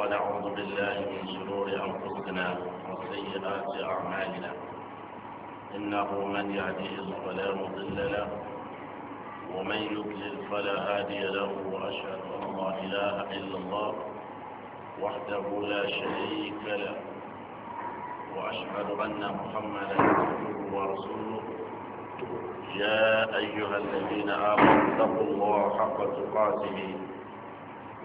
ونعوذ بالله من شرور أنفسنا وسيئات أعمالنا إنه من يهديه فلا مضل له ومن يضلل فلا هادي له وأشهد أن لا إله إلا الله وحده لا شريك له وأشهد أن محمدا عبده ورسوله يا أيها الذين آمنوا اتقوا الله حق تقاته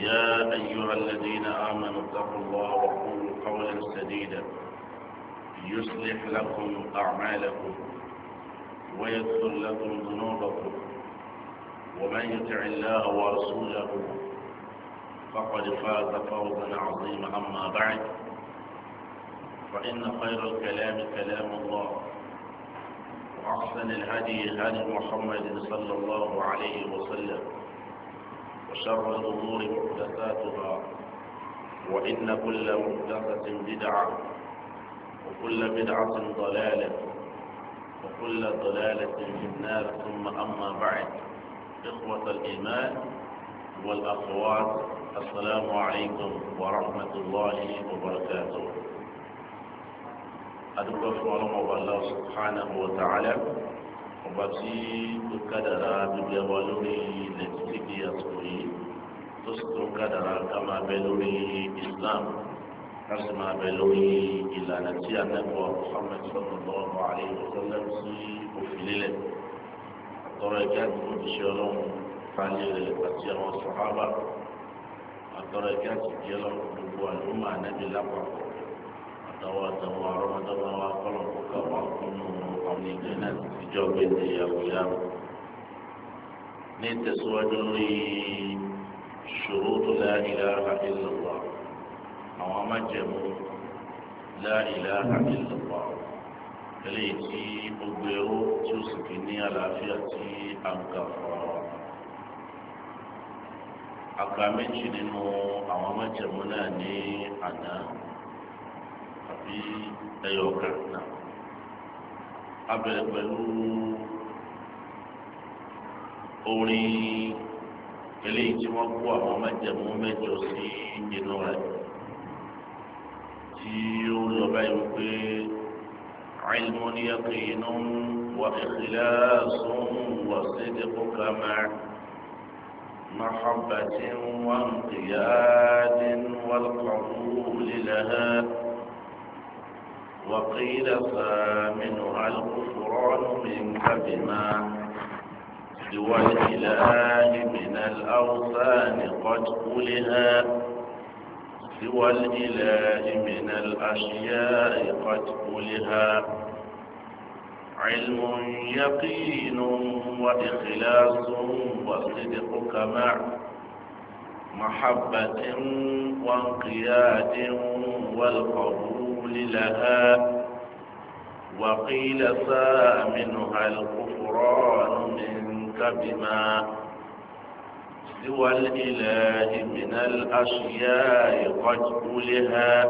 يا أيها الذين آمنوا اتقوا الله وقولوا قولا سديدا يصلح لكم أعمالكم ويغفر لكم ذنوبكم ومن يطع الله ورسوله فقد فاز فوزا عظيما أما بعد فإن خير الكلام كلام الله وأحسن الهدي هدي محمد صلى الله عليه وسلم وشر الأمور محدثاتها وإن كل محدثة بدعة وكل بدعة ضلالة وكل ضلالة في النار ثم أما بعد إخوة الإيمان والأخوات السلام عليكم ورحمة الله وبركاته أدعو الله سبحانه وتعالى ọba tí ó kádàrá bíbí ẹwà lórí ilẹ̀ títí di àsìkò yìí tó sì tó kádàrá ká máa bẹ lórí Islam ká sì máa bẹ lórí ìlànà tí anẹ́kọ̀ọ́ Muhammad sallallahu alaihi wasallam sí òfin lílẹ̀ àtọ́rọ̀ ẹ̀kẹ́ àti òjíṣẹ́ ọlọ́run fàlẹ́ rẹ̀ àti àwọn sọ̀hábà àtọ́rọ̀ ẹ̀kẹ́ àti òjíṣẹ́ ọlọ́run gbogbo àlùmọ́ ànẹ́bí lápapọ̀ àtàwọn àtàwọn àrọ́mọdọ́mọ àwọn ní ìjọba ìjọ gbèdé àwòyáwò ní tẹ̀síwájú lórí ṣurutu la ilaha illallah àwọn amájẹ̀mú la ilaha illallah eléyìí tí gbogbo ẹrú tí ó sì fi ní àlàáfíà tí a ń kà fún àgbà méjì nínú àwọn amájẹ̀mú náà ní àná àbí ẹyọ kan abẹ̀rẹ̀ pẹ̀lú orin eléyìí tí wọ́n kó àwọn májẹ̀mú mẹ́jọ sí inú rẹ̀ tí ó lọ báyìí wípé ilmu ni yaqinu wa ikhlasun wa sidqu kama mahabbatin wa inqiyadin wal qabuli laha. وقيل ثامنها الغفران منك بما سوى الإله من الأوثان قد قلها سوى الإله من الأشياء قد قلها علم يقين وإخلاص وصدقك مع محبة وانقياد والقبول لها وقيل منها الكفران منك بما سوى الإله من الأشياء قد أولها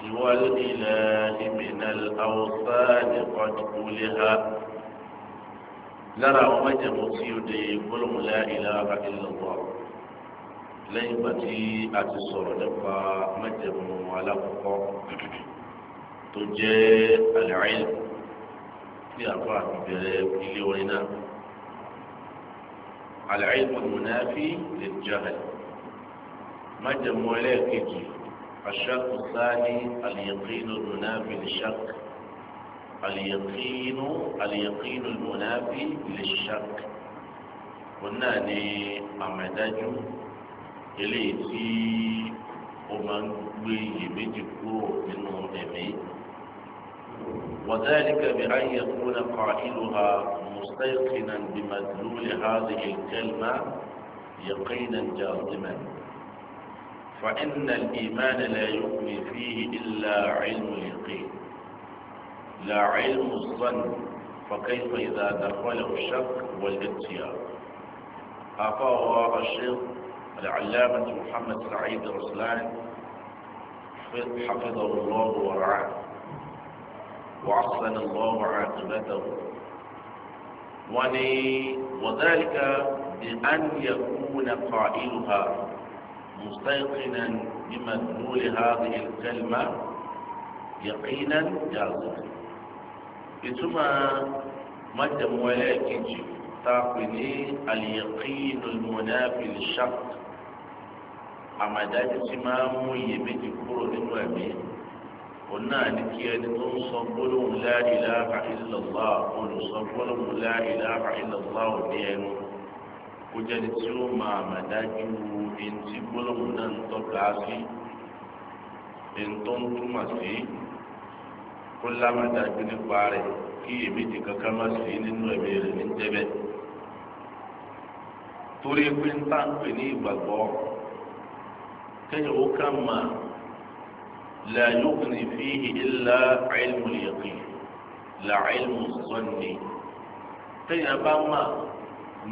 سوى الإله من الأوثان قد أولها لرى ومجمع سيدي قلم لا إله إلا الله lẹ́yìn ìgbà tí a ti sọ̀rọ̀ nípa mẹ́tẹ̀mù alákọ̀ọ́kọ́ tó jẹ́ àlẹ́rìn tí a fà bẹ̀rẹ̀ ilé orin náà àlẹ́rìn mọ̀nàfí lè jahal mẹ́jẹ̀mú ẹlẹ́ẹ̀kejì الشرط lè اليقين المنافي للشك اليقين lè المنافي wọn náà ni أمداجه eléyìí tí ó máa ń gbé iyèméjì kúrò nínú ẹ̀mí. وذلك بأن يكون قائلها مستيقنا بمدلول هذه الكلمة يقينا جازما فإن الإيمان لا يغني فيه إلا علم اليقين لا علم الظن فكيف إذا دخله الشك والاتيان أفوى الشيخ العلامة محمد سعيد رسلان حفظه الله ورعاه وعصن الله عاقبته وذلك بأن يكون قائلها مستيقنا بمدلول هذه الكلمة يقينا جازما إتما مجم ولكن تاقني اليقين المنافي للشك àmàdájú tí máa ń mú iyèméjì kúrò nínú ẹ̀mí òun náà ní kí ẹni tó ń sọ gbólóhùn la ilaha illallah olùsọ gbólóhùn la ilaha illallah òní ẹnu kó jẹ́ni tí ó máa àmàdájú ẹni tí gbólóhùn náà ń tọ́ka sí ẹni tó ń túmọ̀ sí kó lámàdájú nípa rẹ̀ kí iyèméjì kankan má sí nínú ẹ̀mí rẹ̀ ní jẹ́bẹ̀ torí pé ń tàǹpẹ̀ ní ìgbàgbọ́ kéèyàn ó kà mà la yughni fihi illa ilmu al-yaqin la ilmu zanni kéèyàn bá mà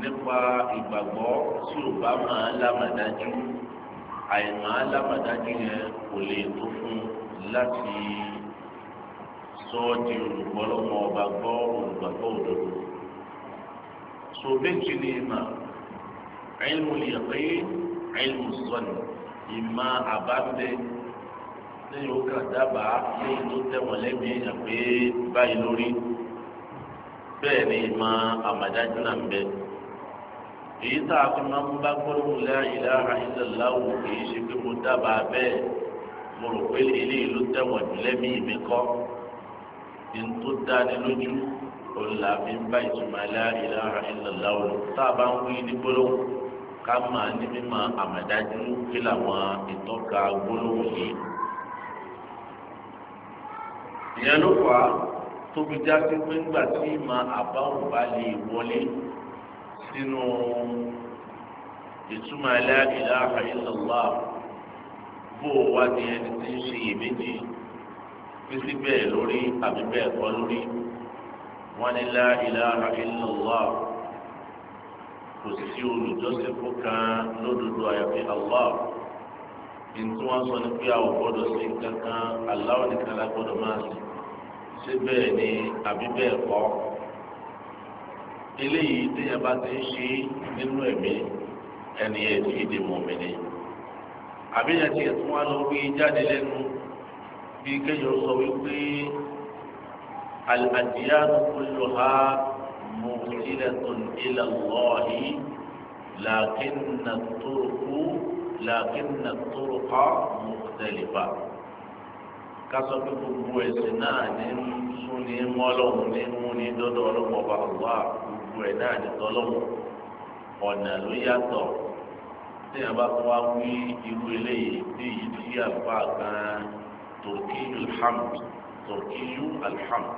nípa ìgbàgbọ́ tí ò bá máa lámàdájú àìmọ̀ alámàdájú yẹn kò lè tó fún láti sọ di olùgbọ́lọ́mọ ọba gbọ́ olùgbàgbọ́ òdodo. so méjì ni ìmọ̀ ilmu al-yaqin ilmu ìmọ̀ àbáfẹ́ lẹ́yìn ó kàn dábàá lẹ́yìn tó tẹ̀wọ̀n lẹ́bi èèyàn pé báyìí lórí bẹ́ẹ̀ ni ìmọ̀ àmàdájú náà ń bẹ. èyí tá a fi máa ń bá gbólóhùn la ilaha illallah kìí ṣe pé mo dábàá bẹ́ẹ̀ mo rò pé eléyìí ló tẹ̀wọ̀n lẹ́mí mi kọ́ ní tó dáni lójú òun làá ń bá ìtumọ̀ la ilaha illallah tá a bá ń wí ní gbólóhùn ká máa ní mímọ̀ àmàdájú kí làwọn ìtọ́ka gbólóhùn yìí. ìyẹn ló fà á tóbi já sí pé ńgbà tí ìmọ̀ àbáwò bá lè wọlé sínú ìtumọ̀ la ilaha illallah bó o wá ní ẹni tí ń ṣe iyèméjì pípí bẹ́ẹ̀ lórí àbí bẹ́ẹ̀ kọ́ lórí wọn ni la ilaha kò sí olùjọ́sìn fún kan lódodo àyàfi allah ntí wọ́n sọ ní pé a ò gbọ́dọ̀ sí kankan allah nìkan la gbọ́dọ̀ máa sìn ṣé bẹ́ẹ̀ ni àbí bẹ́ẹ̀ kọ́ eléyìí téèyàn bá ti ń ṣe nínú ẹ̀mí ẹni ẹ̀ tí ìdè mọ̀mí ni àbí yẹn ti ẹ̀tún wá lọ wí jáde lẹ́nu bí kéèyàn sọ wípé al-adiyanu kulluha. موصلة إلى الله لكن الطرق لكن الطرق مختلفة kásọ̀tún gbogbo ẹ̀sìn náà ní súnni mọ́lọ́hún ní múni dọ́dọ̀ ọlọ́mọ bá wà gbogbo ẹ̀ náà ní tọ́lọ́mọ ọ̀nà ló yàtọ̀ tí a bá tún wá wí irú eléyìí tí èyí tí àgbà gan tòkíyù alhamd tòkíyù alhamd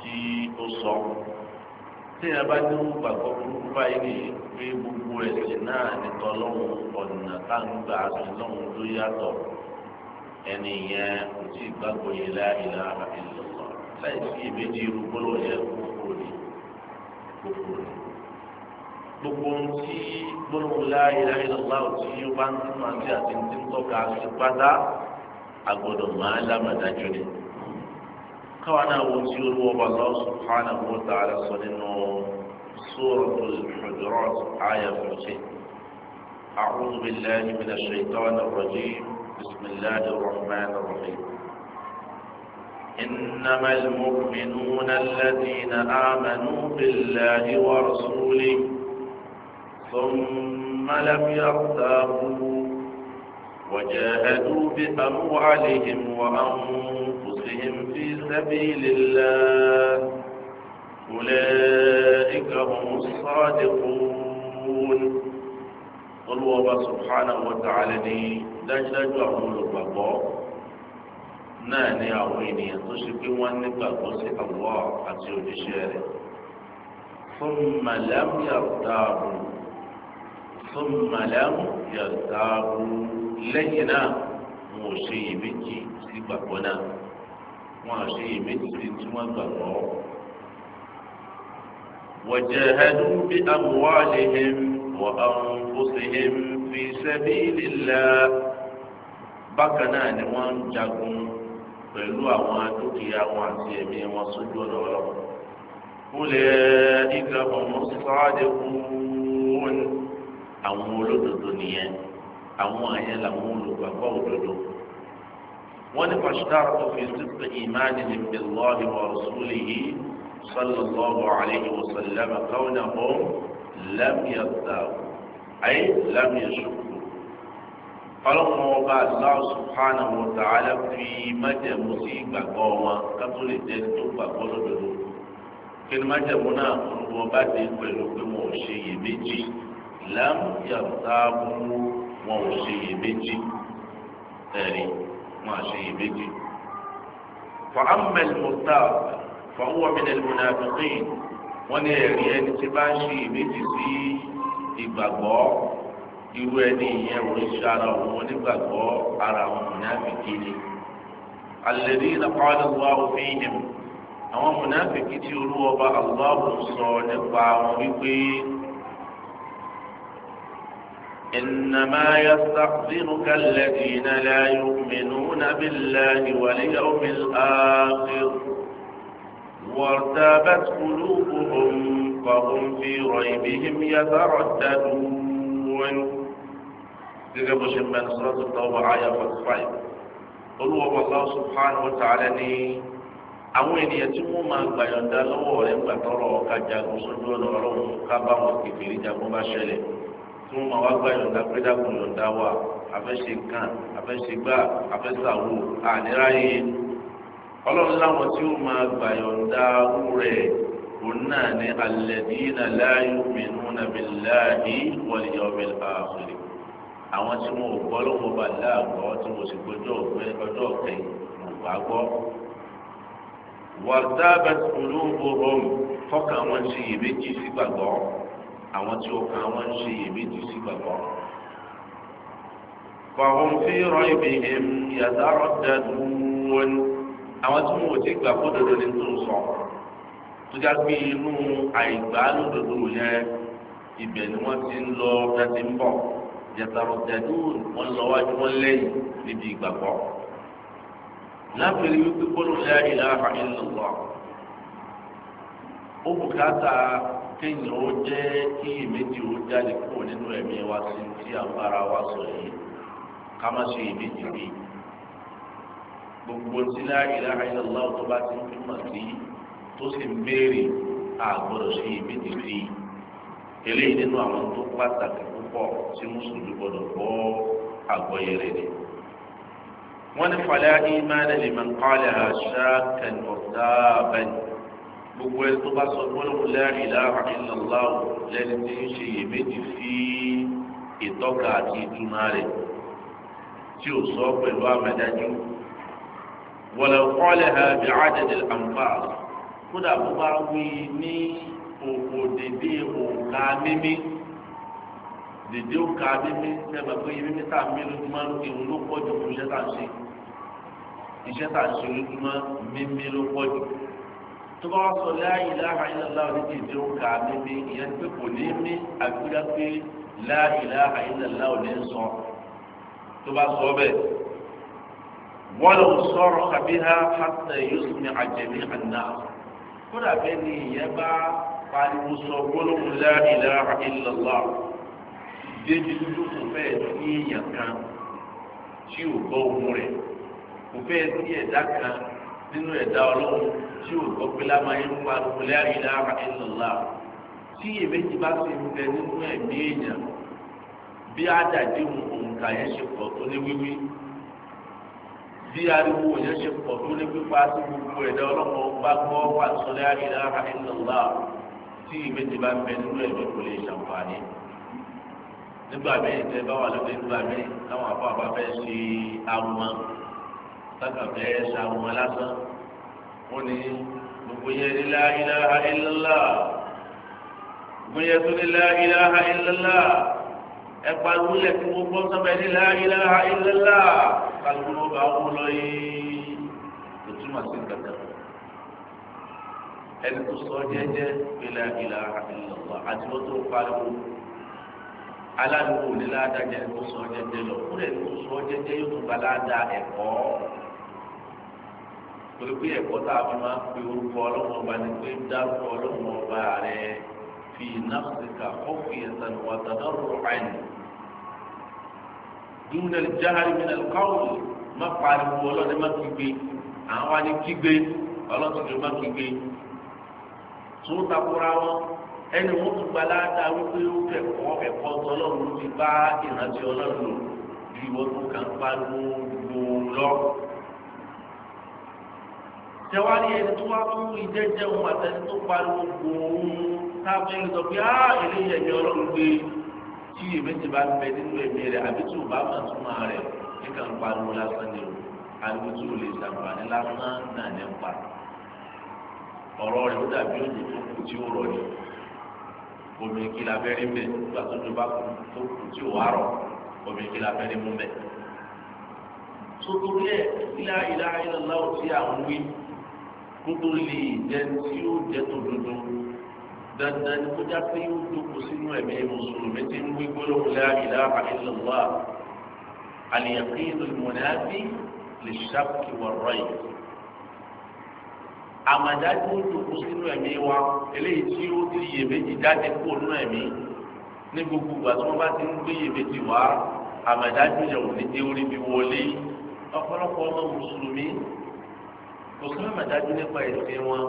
tí ó sọ tíyẹn bá ní gbàgbọ́ burúkú báyìí nìyí pé gbogbo ẹ̀sìn náà nìkan lọ́hùn ọ̀nà táǹgbà àti lọ́hùn ló yàtọ̀ ẹni yẹn kò tí ì gbàgbọ́ yẹn láìlá ìlọ́sọ̀ láì sí ìbejì irú gbọ́dọ̀ yẹn kókó ni kókó ni. gbogbo ohun tí gbọ́dọ̀ láìlá ìlọ́sọ̀ tí yóò bá ń túmọ̀ sí àti ti ń tọ́ka sí pátá àgbọ̀dọ̀ máa lámàdájọ́ ni. káwa náà wo tí olúwa Allah subhanahu wa ta'ala sọ أعوذ بالله من الشيطان الرجيم بسم الله الرحمن الرحيم إنما المؤمنون الذين آمنوا بالله ورسوله ثم لم يرتابوا وجاهدوا بأموالهم وأنفسهم في سبيل الله أولئك هم الصادقون قل هو سبحانه وتعالى ni dájúdájú àwọn olùgbàgbọ́ ناني أويني àwọn وانك tó الله pé wọ́n ثم لم يرتابوا ثم لم يرتابوا lẹ́yìn náà wọn ò ṣe iyèméjì sí gbàgbọ́ náà wọn ò ṣe iyèméjì sí tí wọ́n gbàgbọ́. وجاهدوا بأموالهم وأنفسهم في سبيل الله bákan náà ni wọ́n ń jagun pẹ̀lú àwọn dúkìá wọn àti ẹ̀mí wọn sójú ọ̀nà ọlọ́run. kúlẹ̀ ìgbà ọmọ sáà dẹkùn wọn àwọn olódodo nìyẹn. àwọn àyẹn làwọn olùgbàgbọ́ òdodo wọn ní pàṣípààrọ̀ tó fi sípò ìmáàdì ní billahi wa rasulihi sallallahu alayhi wa sallam kawnahu lam yartabu ay lam yashukku ọlọ́run ọba Allah subhanahu wa ta'ala fi májẹ̀mú sí ìgbàgbọ́ wọn kátó lè jẹ́ tó gbàgbọ́ lódodo kí ni májẹ̀mú náà won bá dé pẹ̀lú pé wọn ò ṣe iyèméjì lam yartabu. wọn ò ṣe iyèméjì ẹ̀rí wọn à iyèméjì. fàámẹ́lì mọ́tà fàáwọ́mìnẹ́lì mọ́nàfíìn wọ́n ní ẹ̀rí ẹni tí bá ń ṣe iyèméjì sí ìgbàgbọ́ irú ẹni ìyẹn oríṣi ara òun ara òun na ni. àlèrí ìlàkọ́lẹ̀ wà òfin yẹn àwọn mọ́nàfíìn tí olúwọ́ bá إنما يستخذنك الذين لا يؤمنون بالله واليوم الآخر وارتابت قلوبهم فهم في ريبهم يترددون تجب شمان صلاة الطوبة آية فالصحيح قل هو الله سبحانه وتعالى أمين يتم ما قيندا لو لم تروا سجون ورم كبا وكفير جاء مباشرين tí wọ́n máa wá gba ìyọ̀ǹda pé dákun ìyọ̀ǹda wa afẹ́ṣe kan afẹ́ṣe gbà afẹ́ṣàwò àníráyé ọlọ́run láwọn tí ó máa gba ìyọ̀ǹda rẹ̀ òun náà ní alladina la yu'minuna billahi wal yawmil akhir àwọn tí wọn ò gbọ́ lọ́wọ́ bá láàgbọ́ tí wọn sì gbọ́jọ́ ọ̀gbẹ́ ọjọ́ ọ̀kẹ́ ìwà gbọ́ wàtábàtì olóńgbò rọrùn fọ́kàn wọn ti yèméjì sí gbàgbọ́ àwọn tí ọkàn wọn ń ṣe iyèméjì sí gbàgbọ́. fàwọn fi rọ ibi hìm yàtà ọ̀dà dùn àwọn tí wọn ò ti gbà kó dodo ní tó ń sọ tó já gbé inú àìgbà lódodo yẹn ibẹ̀ ni wọ́n ti ń lọ láti ń bọ̀ yàtà ọ̀dà dùn wọ́n lọ wájú wọn lẹ́yìn níbi ìgbàgbọ́ lábẹ́rẹ́ wípé gbọ́dọ̀ la ilaha illallah ó bùkátà kéèyàn ó jẹ́ kí ìméjì ó jáde kúrò nínú ẹ̀mí wa sí tí à ń bára wa sọ yìí ká má ṣe ìméjì bí gbogbo tí la ilaha illallah tó bá ti ń fi mọ̀ sí tó sì ń béèrè àgbọ̀dọ̀ ṣe ìméjì bí eléyìí nínú àwọn tó pàtàkì púpọ̀ tí mùsùlùmí gbọdọ̀ gbọ́ àgbọ̀yé ni. wọ́n ní falā īmāna liman qālaha shākkan murtāban gbogbo ẹ tó bá sọ gbólóhùn la ilaha illallah lẹ́ni tí ń ṣe iyèméjì fi ìtọ́ka àti ìtumá rẹ̀ tí ò sọ pẹ̀lú àmàdájú wọlé kọ́lé ha bí àdèdè ànfààl kódà bó bá wí ní òkò dédé òkà mímí dédé òkà mímí sẹ́gbà pé mímí tá a mí lójúmọ́ ìhun ló pọ̀ jù fún iṣẹ́ tá a ṣe iṣẹ́ tá a ṣe lójúmọ́ mímí ló pọ̀ jù tó bá wá sọ la ilaha illallah ní kìí tó kà á mímí ìyẹn pé kò ní mí àgbéra pé la ilaha illallah ní sọ tó bá sọ bẹ́ẹ̀ wọ́lọ̀ sọ̀rọ̀ àbí ha hatta yusmi'a jami'an nas kódà bẹ́ẹ̀ ni ìyẹn bá pariwo sọ gbólóhùn la ilaha illallah débi dúdú kò fẹ́ẹ̀ sí èèyàn kan tí ò gbọ́ ohun rẹ̀ kò fẹ́ẹ̀ sí ẹ̀dá kan nínú ẹ̀dá ọlọ́run tí ò gbọ́ pé lámà ń wá lóko lẹ́yìn lára ìlọ́lá tí èméjì bá ti ń bẹ nínú ẹ̀mí èèyàn bí àdàdéhùn òǹkà yẹn ṣe pọ̀ tó ní wíwí bí ariwo yẹn ṣe pọ̀ tó ní pípa sí gbogbo ẹ̀dá ọlọ́mọ bá gbọ́ wà lóko lẹ́yìn lára ìlọ́lá tí ìméjì bá ń bẹ nínú ẹ̀mí kò lè ṣàǹfààní nígbà míì tẹ bá wà lóde nígbà míì táwọn àbọ̀ àbá fẹ́ ṣe àwọn sábà fẹ́ ṣe àwọn lásán wọ́n ní gbogbo yẹn ní la ilaha illallah gbogbo yẹn tó ní la ilaha illallah ẹ̀pà ìwúlẹ̀ tí mo gbọ́ sọ́bẹ̀ ní la ilaha illallah kálukú bá wọ́n lọ yìí kò túmọ̀ sí gàdá ẹni tó sọ jẹ́jẹ́ la ilaha illallah àti wọ́n tó pariwo aládùúgbò ní ládàjẹ́ tó sọ jẹ́jẹ́ lọ kúrẹ́ tó sọ jẹ́jẹ́ yóò tó gba ládàá ẹ̀kọ́ torí pé ẹ̀kọ́ tá a fi máa ń pe orúkọ ọlọ́run ọba ni pé dárúkọ ọlọ́run ọba rẹ fi nafsika khufyatan wa tadarru'an dúnlẹ̀ jáhárì mi náà káwọn má pariwo ọlọ́run má kígbe àwọn wa ni kígbe ọlọ́run kìí má kígbe tó takora wọn ẹni wọn tún gba dáadáa wípé ó kẹ́kọ̀ọ́ ẹ̀kọ́ tọ́lọ́run ti bá ìrántí ọlọ́run lò ju ìwọ́n tó kàn pariwo lọ jẹwárí ẹni tó wá mú ìjẹjẹ ohun àtẹni tó pariwo gbòòrùn táàbùn ìlú sọ pé á eléyìí ẹ̀mí ọlọ́run gbé tí èméjì bá ń bẹ nínú ẹ̀mí rẹ̀ àbí tí ò bá mọ̀ túmọ̀ rẹ̀ nígbà ń pariwo lásán ni o ariwo tí ò lè ṣàǹfààní lásán náà ní pa ọ̀rọ̀ rẹ̀ ó dàbí òjò tó kù tí ó rọ̀ ni omi kí la fẹ́ nígbà tó tó tó kù tí ò wá rọ̀ omi kí la mú mbẹ. sotori ẹ ilá ilá ilá láwùjọ àwọn wí kótó lè jẹ tí ó jẹ tó dodo dandan ni kó já pé yóò dókòó sínú ẹ̀mí mùsùlùmí tí ń wí gbólóhùn la ilaha illallah al-yaqin al-munafi lish-shakk war-rayb àmàdájú ó dókòó sínú ẹ̀mí wa eléyìí tí ó ti iyèméjì jáde kó nú ẹ̀mí ní gbogbo ìgbà tí wọ́n bá ti ń gbé iyèméjì wá àmàdájú yẹn ò ní dé orí bí wọlé ọ̀pọ̀lọpọ̀ ọmọ mùsùlùmí kò sí mọ̀mọ́dájú nípa ẹ̀sìn wọn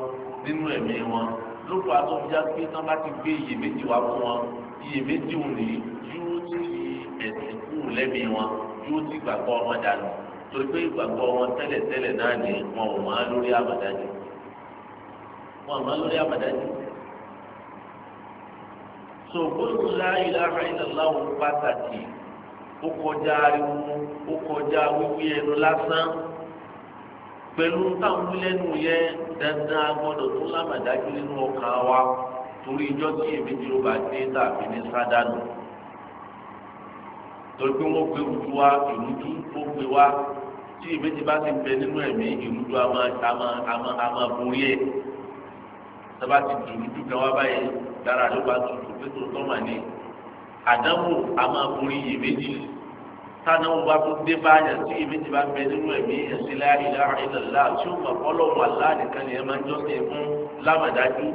nínú ẹ̀mí wọn lóko àtọ́jà pé tán bá ti gbé iyèméjì wá fún wọn iyèméjì wọn nìyí yóò ti fi ẹ̀sìn kú lẹ́mí wọn yóò ti gbàgbọ́ wọn dànù torí pé ìgbàgbọ́ wọn tẹ́lẹ̀tẹ́lẹ̀ náà ni wọn ò máa lórí àmọ̀dájú wọn ò máa lórí àmọ̀dájú. so gbóòtú láàyè lára ìlàláwọ̀ pàtàkì ó kọjá ariwo ó kọjá wíwí ẹnu lásán pẹ̀lú táwọn lẹ́nu yẹn dandan agbọ́dọ̀ tó lámàdájú nínú ọkàn wa torí ijọ́ tí èmi tí ó bá dé tàbí ní sádánù torí pé wọ́n gbé ojú wa ìrújú ó gbé wa tí èmi ti bá ti bẹ nínú ẹ̀mí ìrújú a máa a máa a máa a máa borí ẹ̀ sábà ti dùn ìrújú kan wá báyìí dára ló bá tutù pé tó mà ní àdánwò a máa borí iyèméjì tánà wọn bá tó dé Si yàn tí èmi ti bá bẹ nínú ẹ̀mí ẹ̀sìn láàyè láàyè lọ́la tí ó mọ̀ kọ́ lọ́wọ́ aláàdìkan ni ẹ máa ń jọ́sìn fún lámàdájú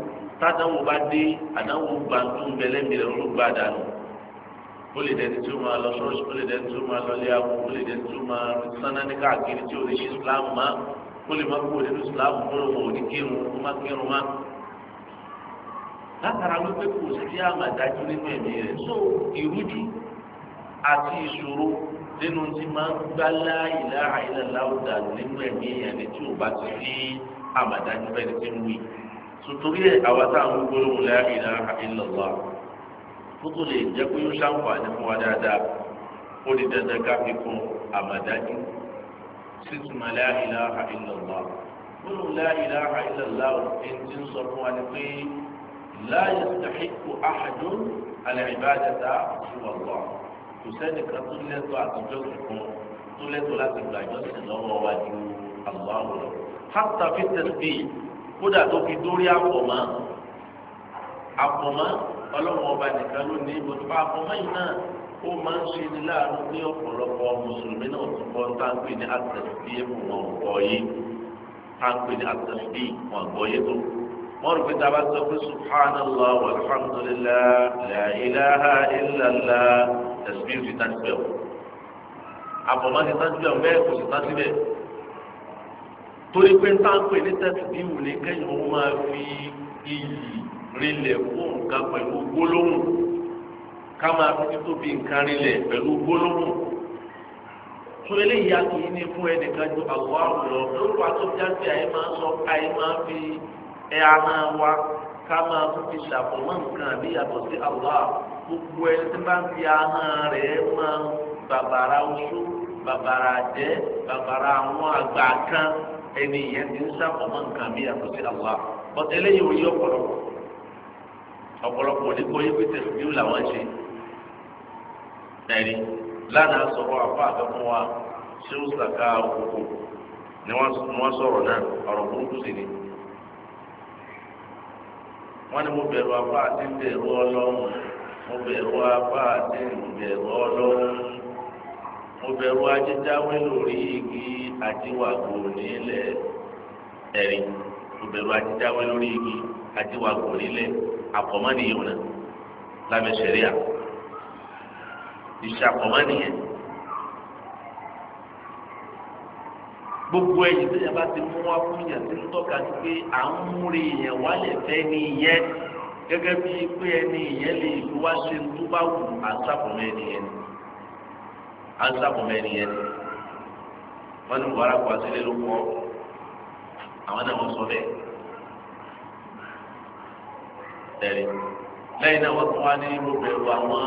tánà wọn bá dé àdáwọ̀ gbàǹdùn bẹ̀lẹ́mì rẹ̀ ló gbà dànù ó lè dẹni tí ó máa lọ ṣọ́ọ̀ṣì ó lè dẹni tí ó máa lọ ilé àwọn ó lè dẹni tí ó máa sáná ní káàkiri tí ó lè ṣe Islam máa ó lè má kúrò nínú Islam kó ló wọ̀ ní kírun ó má kírun má. látara wípé kò sí àmàdájú nínú ẹ̀mí rẹ̀ so ìrújú àti ìṣòro nínú tí máa ń gbá láàyè láàyè láwùdà nínú ẹ̀mí èèyàn ni tí ò bá ti rí àmàdájú bẹ́ẹ̀ ni tí ń wí. sùtúrí ẹ̀ àwa tá à ń gbólóhùn láàyè láàyè lọ́wọ́ kó tó lè jẹ́ pé ó ṣàǹfààní fún wa dáadáa ó di dandan ká fi kún àmàdájú sítúmọ̀ láàyè láàyè lọ́wọ́ gbólóhùn láàyè láàyè lọ́wọ́ ẹni tí ń sọ fún wa ni pé láàyè sàkíkù àhàdùn àlẹ́ ìbáàdàta kò sẹ́nìkan tó lẹ́tọ̀ọ́ àtijọ́ kankan tó lẹ́tọ̀ọ́ láti gbà ìjọsìn lọ́wọ́ wa ju Allahu lọ. hátà fi tẹ̀sí kódà tó fi dórí àpọ̀mọ́ àpọ̀mọ́ ọlọ́wọ́ ọba nìkan ló ní ìbòtúpá àpọ̀mọ́ yìí náà ó máa ń ṣe ní láàánú pé ọ̀pọ̀lọpọ̀ mùsùlùmí náà ti gbọ́ táǹpì ní àtẹ̀sí wọn gbọ́ yé táǹpì ní àtẹ̀sí wọn gbọ́ yé tó kù wọ́n rò pé tá a bá sọ pé subhanallah walhamdulillah la ilaha illallah tasbih fi tasbih o àbọ̀mọ́ ti tasbih o bẹ́ẹ̀ kò sì tasbih torí pé ń táǹpẹ̀ ní tasbih wù ní kẹ́yìn òun máa fi iyì rinlẹ̀ fún nǹkan pẹ̀lú gbólóhùn ká máa fi tóbi nǹkan rinlẹ̀ pẹ̀lú gbólóhùn tó eléyìí a kì ní fún ẹnìkan ju àwọn àwòrán lọ́wọ́ àtúntí àti àyè máa ń sọ àyè máa ń fi ẹ ahọ́n wa ká máa tún fi ṣàfọ̀mọ́ nǹkan àbí yàtọ̀ sí Allah gbogbo ẹni tí bá ń fi ahọ́n rẹ̀ máa bàbàrà oṣù bàbàrà jẹ́ bàbàrà àwọn àgbà kan ẹni yẹn ti ń ṣàfọ̀mọ́ nǹkan àbí yàtọ̀ sí Allah bọ́tẹ́ eléyìí ò ọ̀pọ̀lọpọ̀ ọ̀pọ̀lọpọ̀ ní kò yí pé tẹ̀síbíù làwọn ṣe ẹ̀rí lánàá sọ̀rọ̀ àpá àtọ́kùn wa ṣé ó ṣàkà òkòkò ni wọ́n sọ̀rọ̀ náà ọ̀rọ̀ burúkú sí ni wọ́n ní mo bẹ̀rù apá àti bẹ̀rù ọlọ́run mo bẹ̀rù apá àti bẹ̀rù ọlọ́run mo bẹ̀rù ajíjáwé lórí igi àtiwàgò nílẹ̀ ẹ̀rí mo bẹ̀rù ajíjáwé lórí igi àtiwàgò nílẹ̀ àkọ́mọ́nìyàn náà lábẹ́ sẹ̀ríà ìṣàkọ́mọ́nìyàn. gbogbo ẹ̀yìn tó yẹ bá ti mú wá fún yẹn tí ń tọ́ka ní pé à ń múre yẹn wálẹ̀ fẹ́ ní yẹ gẹ́gẹ́ bí pé ẹni yẹn lè fi wá ṣe tó bá wù á sàbọ̀mọ́ ẹni yẹn á sàbọ̀mọ́ ẹni yẹn wọ́n ní wàrà kó àtẹ́lẹ́ ló kọ́ àwọn náà wọ́n sọ bẹ́ẹ̀ ẹ̀rí lẹ́yìn náà wọ́n tún wá ní mo àwọn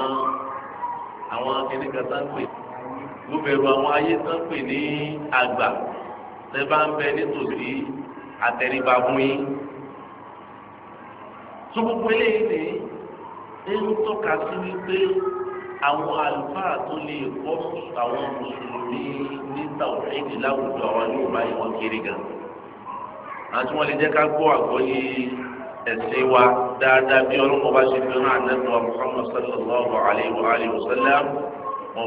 àwọn kìnnìkan tán pè àwọn ayé tán ní àgbà tẹ bá ń bẹ nítòsí àtẹríba fún yín tó gbogbo eléyìí ní ń tọ́ka sí wípé àwọn àlùfáà tó lè kọ́ àwọn mùsùlùmí ní tàwọ̀rẹ́dì láwùjọ àwọn yóò bá yẹn wọ́n kéré gan àti wọ́n lè jẹ́ ká gbọ́ àgbọ́yé ẹ̀sìn wa dáadáa bí ọlọ́mọ bá ṣe fi hàn ànábì wa Muhammad sallallahu alayhi wọn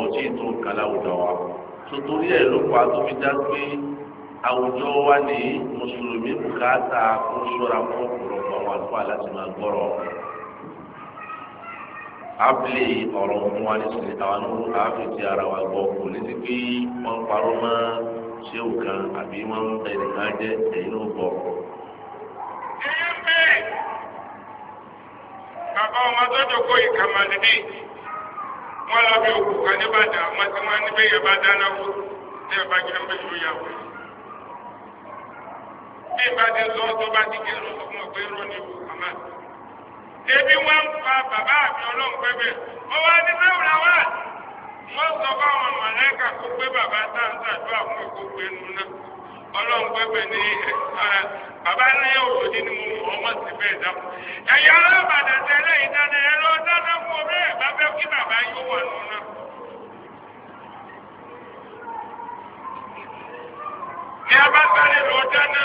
ò tí ì tó nǹkan wa tó torí ẹ̀ pa tó fi dá pé. àwùjọ wa ni mùsùlùmí bukata fún ṣọ́ra fún ọ̀pọ̀lọpọ̀ àwọn àlùfáà máa gbọ́rọ̀ abili ọ̀rọ̀ wa àwọn ti ara wa gbọ́ kò ní sí pé wọ́n kan àbí wọ́n jẹ́ ló bọ̀. bàbá ọmọ tó dòkó ìkàmà wọn tí bá dáná bí ìbàdí sọ tó bá ti kí irun fún ọgbẹ́ irun ní ìwò kàmá. ebi wọn ń fa bàbá àmì ọlọ́run pẹ́pẹ́ wọ́n wá ní sẹ́wùrà wá wọ́n sọ fáwọn mọ̀lẹ́kà kó pé bàbá tá ń ṣàdúrà fún ẹ̀kọ́ pé nu náà ọlọ́run pẹ́pẹ́ ní bàbá ní òòdì ni mo mọ̀ ọmọ sí bẹ́ẹ̀ dáhùn. ẹ̀yà ọlọ́bàdàn tẹ́lẹ̀ ìdáná ẹ lọ dáná fún ọ bẹ́ẹ̀ bá fẹ́ kí bàbá yóò wà nù náà. ní abágbálẹ̀ lọ dáná.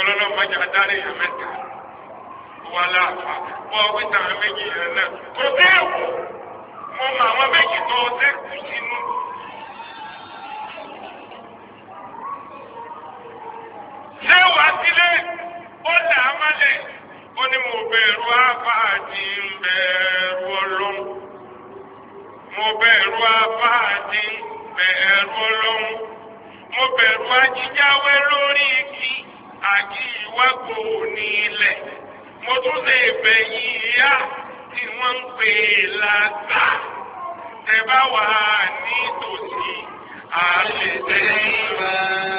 ọlọ́lọ́ májà dárí èèyàn mẹ́ta wà láàfà bọ́ wíta méjì yẹn náà kò déèwò mo mọ àwọn méjì tó dẹ́kun sínú. ṣé wàá sílé ó là á mọ́lẹ̀ ó ní mo bẹ̀rù àbá àti ń bẹ̀rù ọlọ́run mo bẹ̀rù àbá àti ń bẹ̀rù ọlọ́run mo bẹ̀rù ajíjáwé lórí igi àti ìwẹ́gbò ní ilẹ̀ mo tún lè bẹ̀ yín ìyá tí wọ́n ń pè lágbà tẹ bá wà nítòsí àlejẹ́yìn rẹ̀.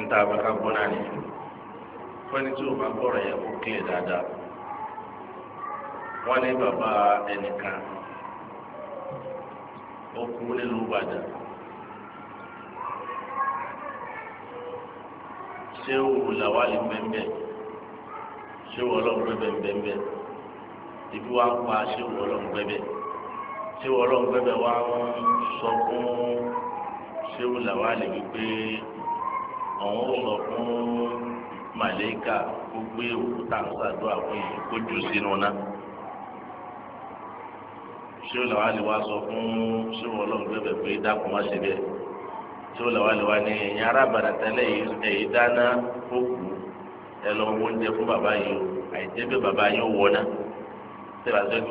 níta abaka gbọ́nà ni fẹ́ni tí o bá gbọ́rọ̀ yẹ kó kílẹ̀ dáadáa wọ́n ní bàbá ẹnìkan ó kú nílùú Ìbàdàn. ṣé wù làwálì bẹ́ẹ̀ ṣé wù ọlọ́run bẹ́ẹ̀ bẹ́ẹ̀ ibi wa ń pa ṣé wù ọlọ́run bẹ́ẹ̀ ṣé wù ọlọ́run bẹ́ẹ̀ wa ń sọ fún ṣé wù làwálì wípé àwọn ò sọ fún màlẹ́kà gbogbo òkúta ṣàdúrà fún yìí kó jù sínú náà ṣé wù làwálì wa sọ fún ṣé wù ọlọ́run bẹ́ẹ̀ pé dákun má ṣe bẹ́ẹ̀. tí ó lọ́wọ́ lọ́wọ́ ní ẹ̀yin arábàrà tẹ́lẹ̀ èyí dáná ẹ lọ wọ oúnjẹ fún bàbá yìí o àìjẹ́ pé bàbá yìí ó wọ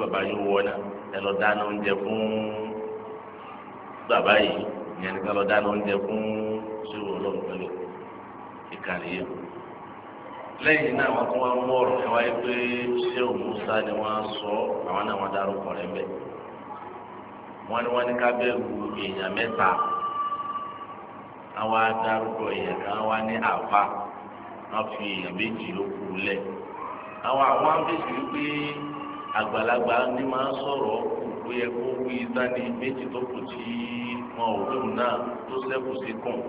bàbá yìí ó ẹ lọ dáná oúnjẹ fún bàbá yìí ìyẹn ní ká lọ dáná oúnjẹ fún ọlọ́run pẹ̀lú ìkàlẹ̀ yìí lẹ́yìn náà wọ́n tún mú ọ̀rọ̀ pé ṣé òmùsá ni wọ́n sọ àwọn náà wọ́n àwọn adarúgbó èèyàn kan wá ní àfa wọn fi èèyàn méjì ló kú lẹ àwọn àwọn abẹ́sì wípé àgbàlagbà ni máa sọ̀rọ̀ kó yẹ kó wí sani méjì tó kù tí wọn ò lóun náà tó sẹ́kù sí kàn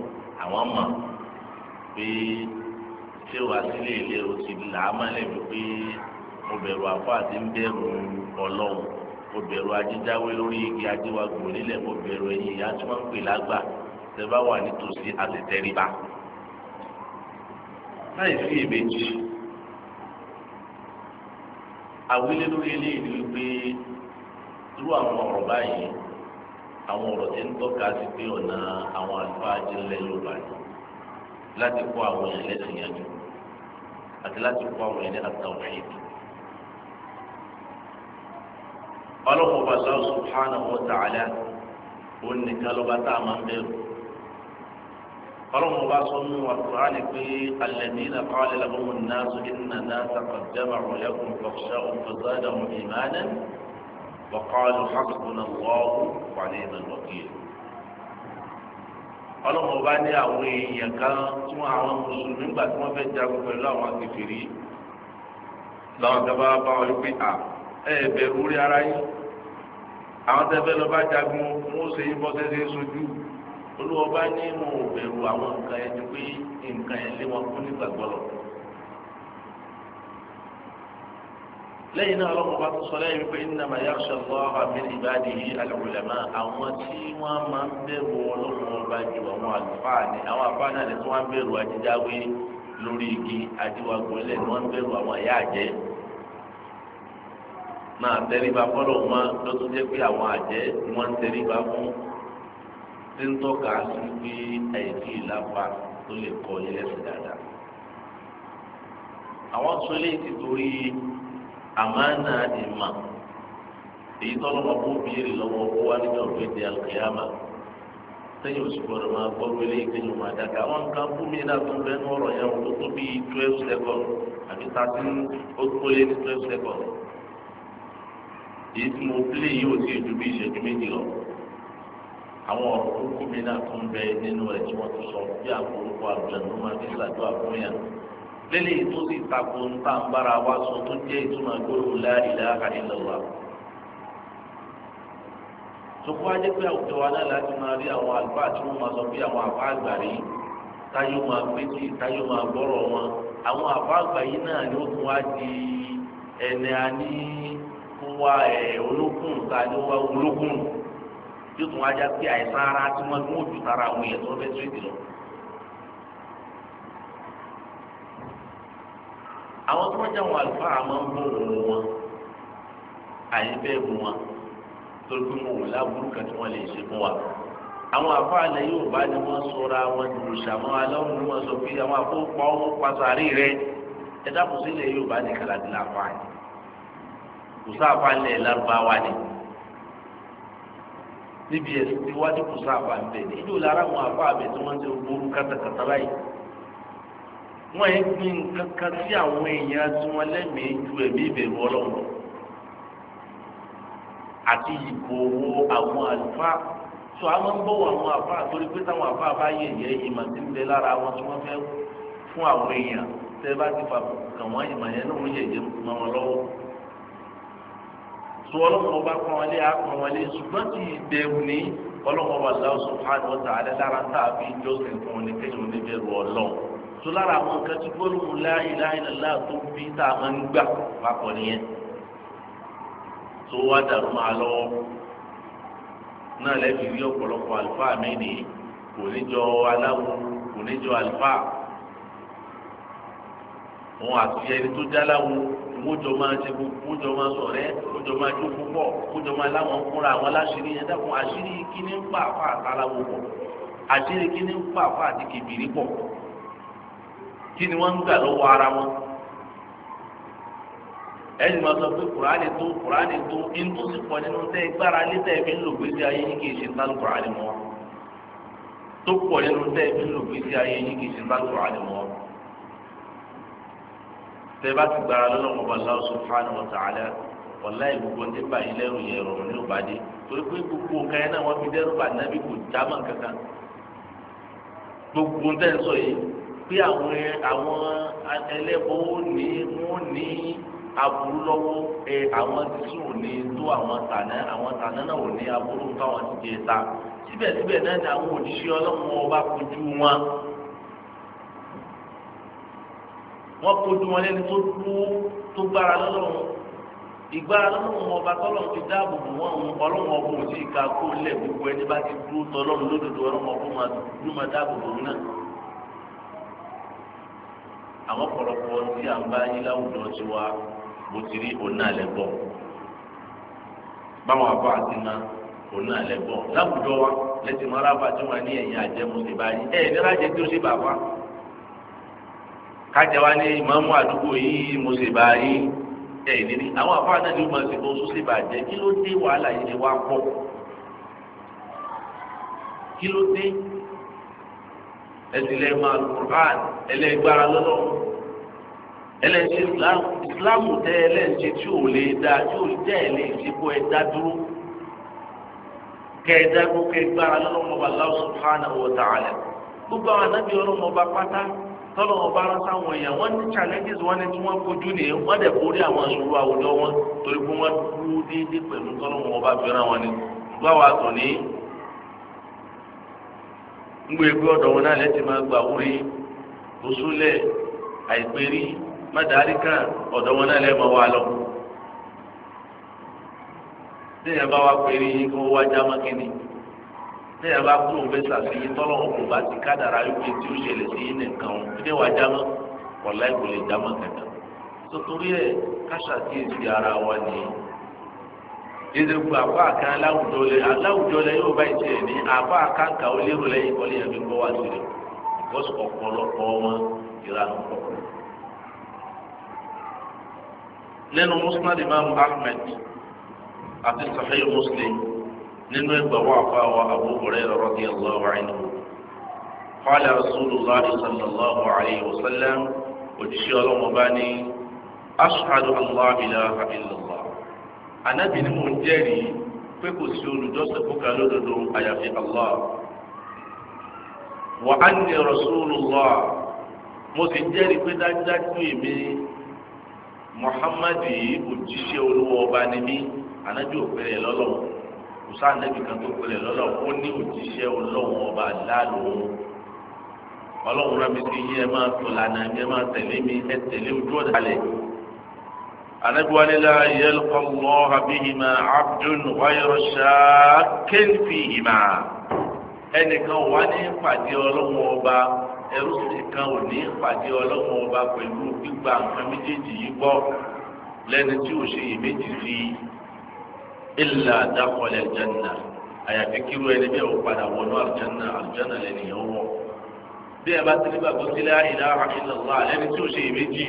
àwọn mọ̀ pé ṣé wàá sílé ilé o ti là á mọ́lẹ̀ wípé mo bẹ̀rù àfọ àti ń bẹ̀rù ọlọ́run mo bẹ̀rù ajíjáwé lórí igi ajíwágbò nílẹ̀ mo bẹ̀rù ẹ̀yìn ìyá tí wọ́n ń pè lágbà tẹ́ bá wà nítòsí àtẹ̀tẹ̀ríba láì sí èméjì àwílé lórí eléyìí ni wípé irú àwọn ọ̀rọ̀ báyìí àwọn ọ̀rọ̀ tí ń tọ́ka sí pé ọ̀nà àwọn àlùfáà ajínigbé yorùbá ni láti kó àwọn èèyàn lẹ́sìn yẹn jù àti láti kó àwọn èèyàn àtàwọn èèyàn jù. ọlọ́kùnrin bàtà subhanahu wa ta'ala òun nìkan lọ́ba tá a máa ń bẹ̀rù ọlọ́run ọba sọ nínú àkùránì pé alladhina qala lahumu an-nasu inna an-nasa qad jama'u lakum fakhshawhum fazadahum imanan wa qalu hasbuna Allahu wa ni'mal wakeel ọlọ́run ọba ní àwọn èèyàn kan tí wọ́n àwọn mùsùlùmí gbà tí wọ́n fẹ́ jagun pẹ̀lú àwọn akẹfìrí lọ́wọ́n tẹ́ bá bá wọn pé à ẹ bẹ̀rù rí ara yín àwọn tẹ́ fẹ́ lọ bá jagun wọn ó ṣe yín bọ́ sẹ́sẹ́ sójú olùwọ́ba ní mo bẹ̀rù àwọn nǹkan ẹni pé nǹkan ẹ̀ lé wọn kú nígbàgbọ́ lọ. lẹ́yìn náà ọlọ́run bá tún sọ lẹ́yìn pé innama yakhsha Allaha min ibadihi al-ulama àwọn tí wọ́n máa ń bẹ̀rù ọlọ́run ọba ju àwọn àlùfáà ní àwọn àfáà náà lè tún wọ́n bẹ̀rù ajíjáwé lórí igi àdìwàgbọ́lẹ̀ ni wọ́n bẹ̀rù àwọn ẹ̀yà àjẹ́ máa tẹríba fọlọ́ lọ́tún jẹ́ pé àwọn àjẹ́ wọ́n tẹríba fún tí ń tọ́ka sí pé àìsí ìlápa tó lè kọ ilé ẹ̀sìn dáadáa. àwọn sọ eléyìí ti torí àmánà ìmà èyí tọ́lọ́ wọn kó béèrè lọ́wọ́ kó wá níjọ́ pé di alkiyama sẹ́yìn oṣù gbọ́dọ̀ máa gbọ́ pé eléyìí kéèyàn máa àwọn nǹkan kú mi náà tó bẹ́ẹ̀ ní ọ̀rọ̀ yẹn o tó bí twelve second àbí thirteen ó tó lé ní twelve second èyí tí mo plé yìí ò sí ju ìṣẹ́jú méjì lọ àwọn ọ̀rọ̀ tó kú mi náà tún bẹ nínú rẹ̀ tí wọ́n ti sọ bí àkórúkọ àbùjànú máa fi ṣàdúrà fún yàn lélẹ̀ tó sì takò ń tà ń bára wa sọ tó jẹ́ ìtumọ̀ gbólóhùn la ilaha illallah. sọkọ ajẹ́ pé àwùjọ wa náà láti máa rí àwọn àlùfáà tí wọ́n máa sọ bí àwọn àbá àgbà rí táyọ̀ máa péjì táyọ̀ máa gbọ́rọ̀ wọn àwọn àbá àgbà yìí náà ni ó tún wá di ẹni àní fún wa olókùn ta ni ó wá olókùn yóò tún wájà pé àìsàn ara tí wọ́n mú ojú tara àwọn èèyàn tó fẹ́ tó ìdìlọ. àwọn tó wọ́n jẹ́ àwọn àlùfáà máa ń bọ̀ wọ́n wọn àyè bẹ́ẹ̀ mú wọn torí pé mo wò láburú kan tí wọ́n lè ṣe fún wa àwọn àfáà lẹ yóò bá ní wọn sọra wọn dùrùsà mọ aláwọn ní wọn sọ pé àwọn àfọwọpọ ọmọ pàṣàrí rẹ ẹ dákun sílẹ̀ yóò bá ní kàlàdínlá fáà kò sáà fáà lẹ lárúbáwá ni níbi ẹ̀sìn tí wájú kù sáàbà ń bẹ̀ ní ìlú lára àwọn àbá àbẹ̀ tí wọ́n ti gbóru kátàkátà láyé wọ́n ẹ̀ gbin kankan sí àwọn èèyàn tí wọ́n lẹ́mìí ju ẹ̀mí ìbẹ̀rù ọlọ́run àti ìbòwò àwọn àlùfáà tó a máa ń bọ̀wọ̀ àwọn àbá torí pé táwọn àbá bá yẹ̀ yẹ ìmọ̀ tí ń bẹ lára wọn tí wọ́n fẹ́ fún àwọn èèyàn tẹ́ bá ti fà kàn wọ́n ìmọ̀ yẹn náà ń yẹ̀ yẹ mọ́ wọn lọ́wọ́ tó ọlọ́run ọba pọn wọlé apọn wọlé ṣùgbọ́n tí ìbẹ̀rù ní ọlọ́run ọba Allah subhanahu wa ta'ala lára tá a fi jọ́sìn fún ní kéèyàn ní bẹ̀rù ọlọ́run tó lára àwọn nǹkan tí gbólóhùn la ilaha illallah tó fi tá a máa ń gbà papọ̀ nìyẹn tó wá dàrú máa lọ́wọ́ náà lẹ́bi rí ọ̀pọ̀lọpọ̀ àlùfáà mi nìyí kò ní jọ aláwo kò ní jọ àlùfáà òun àti ẹni tó jáláwo wọ́n jọ máa ṣe gbogbo wọ́n jọ máa sọ̀rẹ́ kójọ máa jó púpọ̀ kójọ máa láwọn fúnra àwọn aláṣírí yẹn dákun àṣírí kíní ń pa àfa àtàláwo pọ̀ àṣírí kíní ń pa àfa àti kìbìrì pọ̀ kí ni wọ́n ń gbà lọ́wọ́ ara wọn ẹni máa sọ pé kùránì tó kùránì tó inú sì pọ̀ nínú tẹ́ gbára létẹ́ fi ń lò gbèsè ayé yín kì í ṣe tán kùránì mọ́ tó pọ̀ nínú tẹ́ fi ń lò gbèsè ayé yín kì í ṣe tán kùránì mọ́ tẹ́ bá ti gbára lọ́wọ́ ọba Allah subhanahu wa ta'ala wàlá ìgbogbo ní báyìí lẹ́rù yẹn rọrùn ní òbádé torí pé gbogbo nǹkan yẹn náà wọ́n fi dẹ́rù bá nábì kò já mọ́ kankan gbogbo ń tẹ́ ń sọ yìí pé àwọn àwọn ẹlẹ́bọ̀ ó ní wọ́n ní aburú lọ́wọ́ ẹ àwọn sísun ò ní tó àwọn tàná àwọn tàná náà ò ní aburú káwọn ti jẹ ta síbẹ̀síbẹ̀ náà ni àwọn òṣìṣẹ́ ọlọ́run ọba kojú wọn wọ́n kojú wọn lẹ́ni tó gbára lọ́lọ́run igba lọ́lọ́run ọba tọ́lọ́run ti dáàbò bò wọ́n òun ọlọ́run ọba òun sì ka kó lẹ̀ gbogbo ẹni bá ti dúró tọ́lọ́run lódodo ọlọ́run ọba òun ló máa dáàbò bò náà. àwọn pọ̀lọpọ̀ tí ń bá ti wá bó ti rí báwọn abọ́ àti wa lẹ́sìn tí ẹ̀ nírí àwọn àfáà náà ni ó máa fi tó sósì bàjẹ́ kí ló dé wàhálà yìí ni wá pọ̀ kí ló dé ẹsìlẹ̀ máa kùrán ẹlẹ́gbára lọ́lọ́ ẹlẹ́sìn Islam Islam tẹ ẹlẹ́sìn tí ò lè da tí ò jẹ́ ẹlẹ́sìn kó ẹ dá dúró kẹ ẹ dá dúró kẹ ẹ gbára lọ́lọ́ mọba Allah subhanahu wa ta'ala gbogbo àwọn anábìyàn ọlọ́mọba pátá tọ́lọ̀ ọba rán sáwọn èèyàn wọ́n ní challenges wọ́n ní tí wọ́n kojú ní wọ́n dẹ̀ borí àwọn ìṣòro àwùjọ wọn torí pé wọ́n dúró déédéé pẹ̀lú tọ́lọ̀ wọn ọba fi rán wọn ni gbọ́ wa tò ní ngbé gbé ọ̀dọ̀ wọn náà lẹ́tì máa gbà wúri òṣùlẹ̀ àìpérí mádàárí kan ọ̀dọ̀ wọn náà lẹ́mọ̀ wá lọ. téèyàn bá wá pérí kí wọ́n wá já mọ́kínni tí ẹ bá kúrò bẹ sàfihàn tọ́lọ̀ kò bá ti kádàrá wípé tí ó ṣẹlẹ̀ sí nìkan o ilé wa jámọ́ ọ̀la ìkò lè jámọ́ kankan sotori ẹ káṣà tí èsì ara wa ni yíyí gbogbo àpá àkàn aláwùjọ lẹ aláwùjọ lẹ yóò bá ìṣe ẹ ní àpá àkàǹkà ó lérò lẹ́yìn ìkọlẹ yẹn fi gbọ wá sílẹ̀ bọ́sù ọ̀pọ̀lọpọ̀ wọn ìranù pọ̀. lẹ́nu musnad imam ahmed àti sahih muslim nínú ẹgbàá wà fún àwọn Abu Hurairah radiyallahu anhu qala Rasulullah sallallahu alayhi wa sallam òjíṣẹ́ ọlọ́wọ́ bá ní ashhadu an la ilaha illallah anábì ni mò ń jẹ́rìí pé kò sí olùjọ́sìn fúnka lódodo àyàfi Allah wa anni Rasulullah mo sì jẹ́rìí pé dájúdájú èmi Muhammad yìí òjíṣẹ́ olúwa ọba ni mí anájú òpèrè sáàdẹ́bì kan tó pẹlẹ lọ́lọ́ ó ní òjíṣẹ́ ọlọ́run ọba láàlóhun ọlọ́run rẹ̀ mi ti yí ẹ máa tó lànà mi ẹ máa tẹ̀lé mi ẹ tẹ̀lé ojú ọ̀dà kalẹ̀. anábíwálélá yẹlẹkọ lọ abihima abdul wayọrọ ṣáá kéńfìhìmá ẹnìkan wà ní pàdé ọlọ́run ọba ẹrú sì kan ò ní pàdé ọlọ́run ọba pẹ̀lú gbígba nǹkan méjèèjì yìí gbọ́ lẹ́ni tí ò ṣe iyèméjì sí i ilà dákọlẹ̀ jẹ́nà àyàfi kíru ẹni bí ẹ̀wọ̀n padà wọnú àlùjẹ́nà àlùjẹ́nà lẹ́nu yẹn wọ̀ bí ẹ bá ti ní gbàgbọ́ sílẹ̀ àìlá àìlọ́lá ẹni tí ó ṣe ìméjì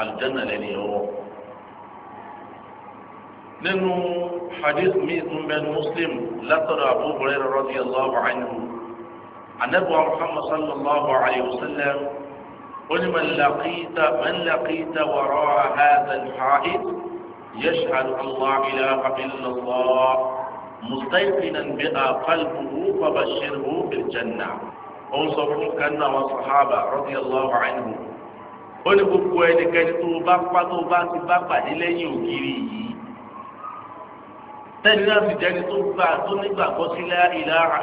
àlùjẹ́nà lẹ́nu yẹn wọ̀. nínú hadith mi tún bẹnu muslim látọ̀dọ̀ Abu Hurairah radiyallahu anhu anabuwa muhammad sallallahu alayhi wa sallam onímọ̀ làkìtà mọ̀ làkìtà wàrọ̀ àhàzà ìhàhìd يشهد الله إله إلا الله مستيقنا بها قلبه فبشره بالجنة أوصفوا كان وصحابة رضي الله عنه ó ní gbogbo ẹnikẹ́ni tó bá pa tó bá ti bá pàdé lẹ́yìn ògiri yìí tẹ́lẹ̀ náà sì jẹ́ni tó gbà tó nígbàgbọ́ sí la ilaha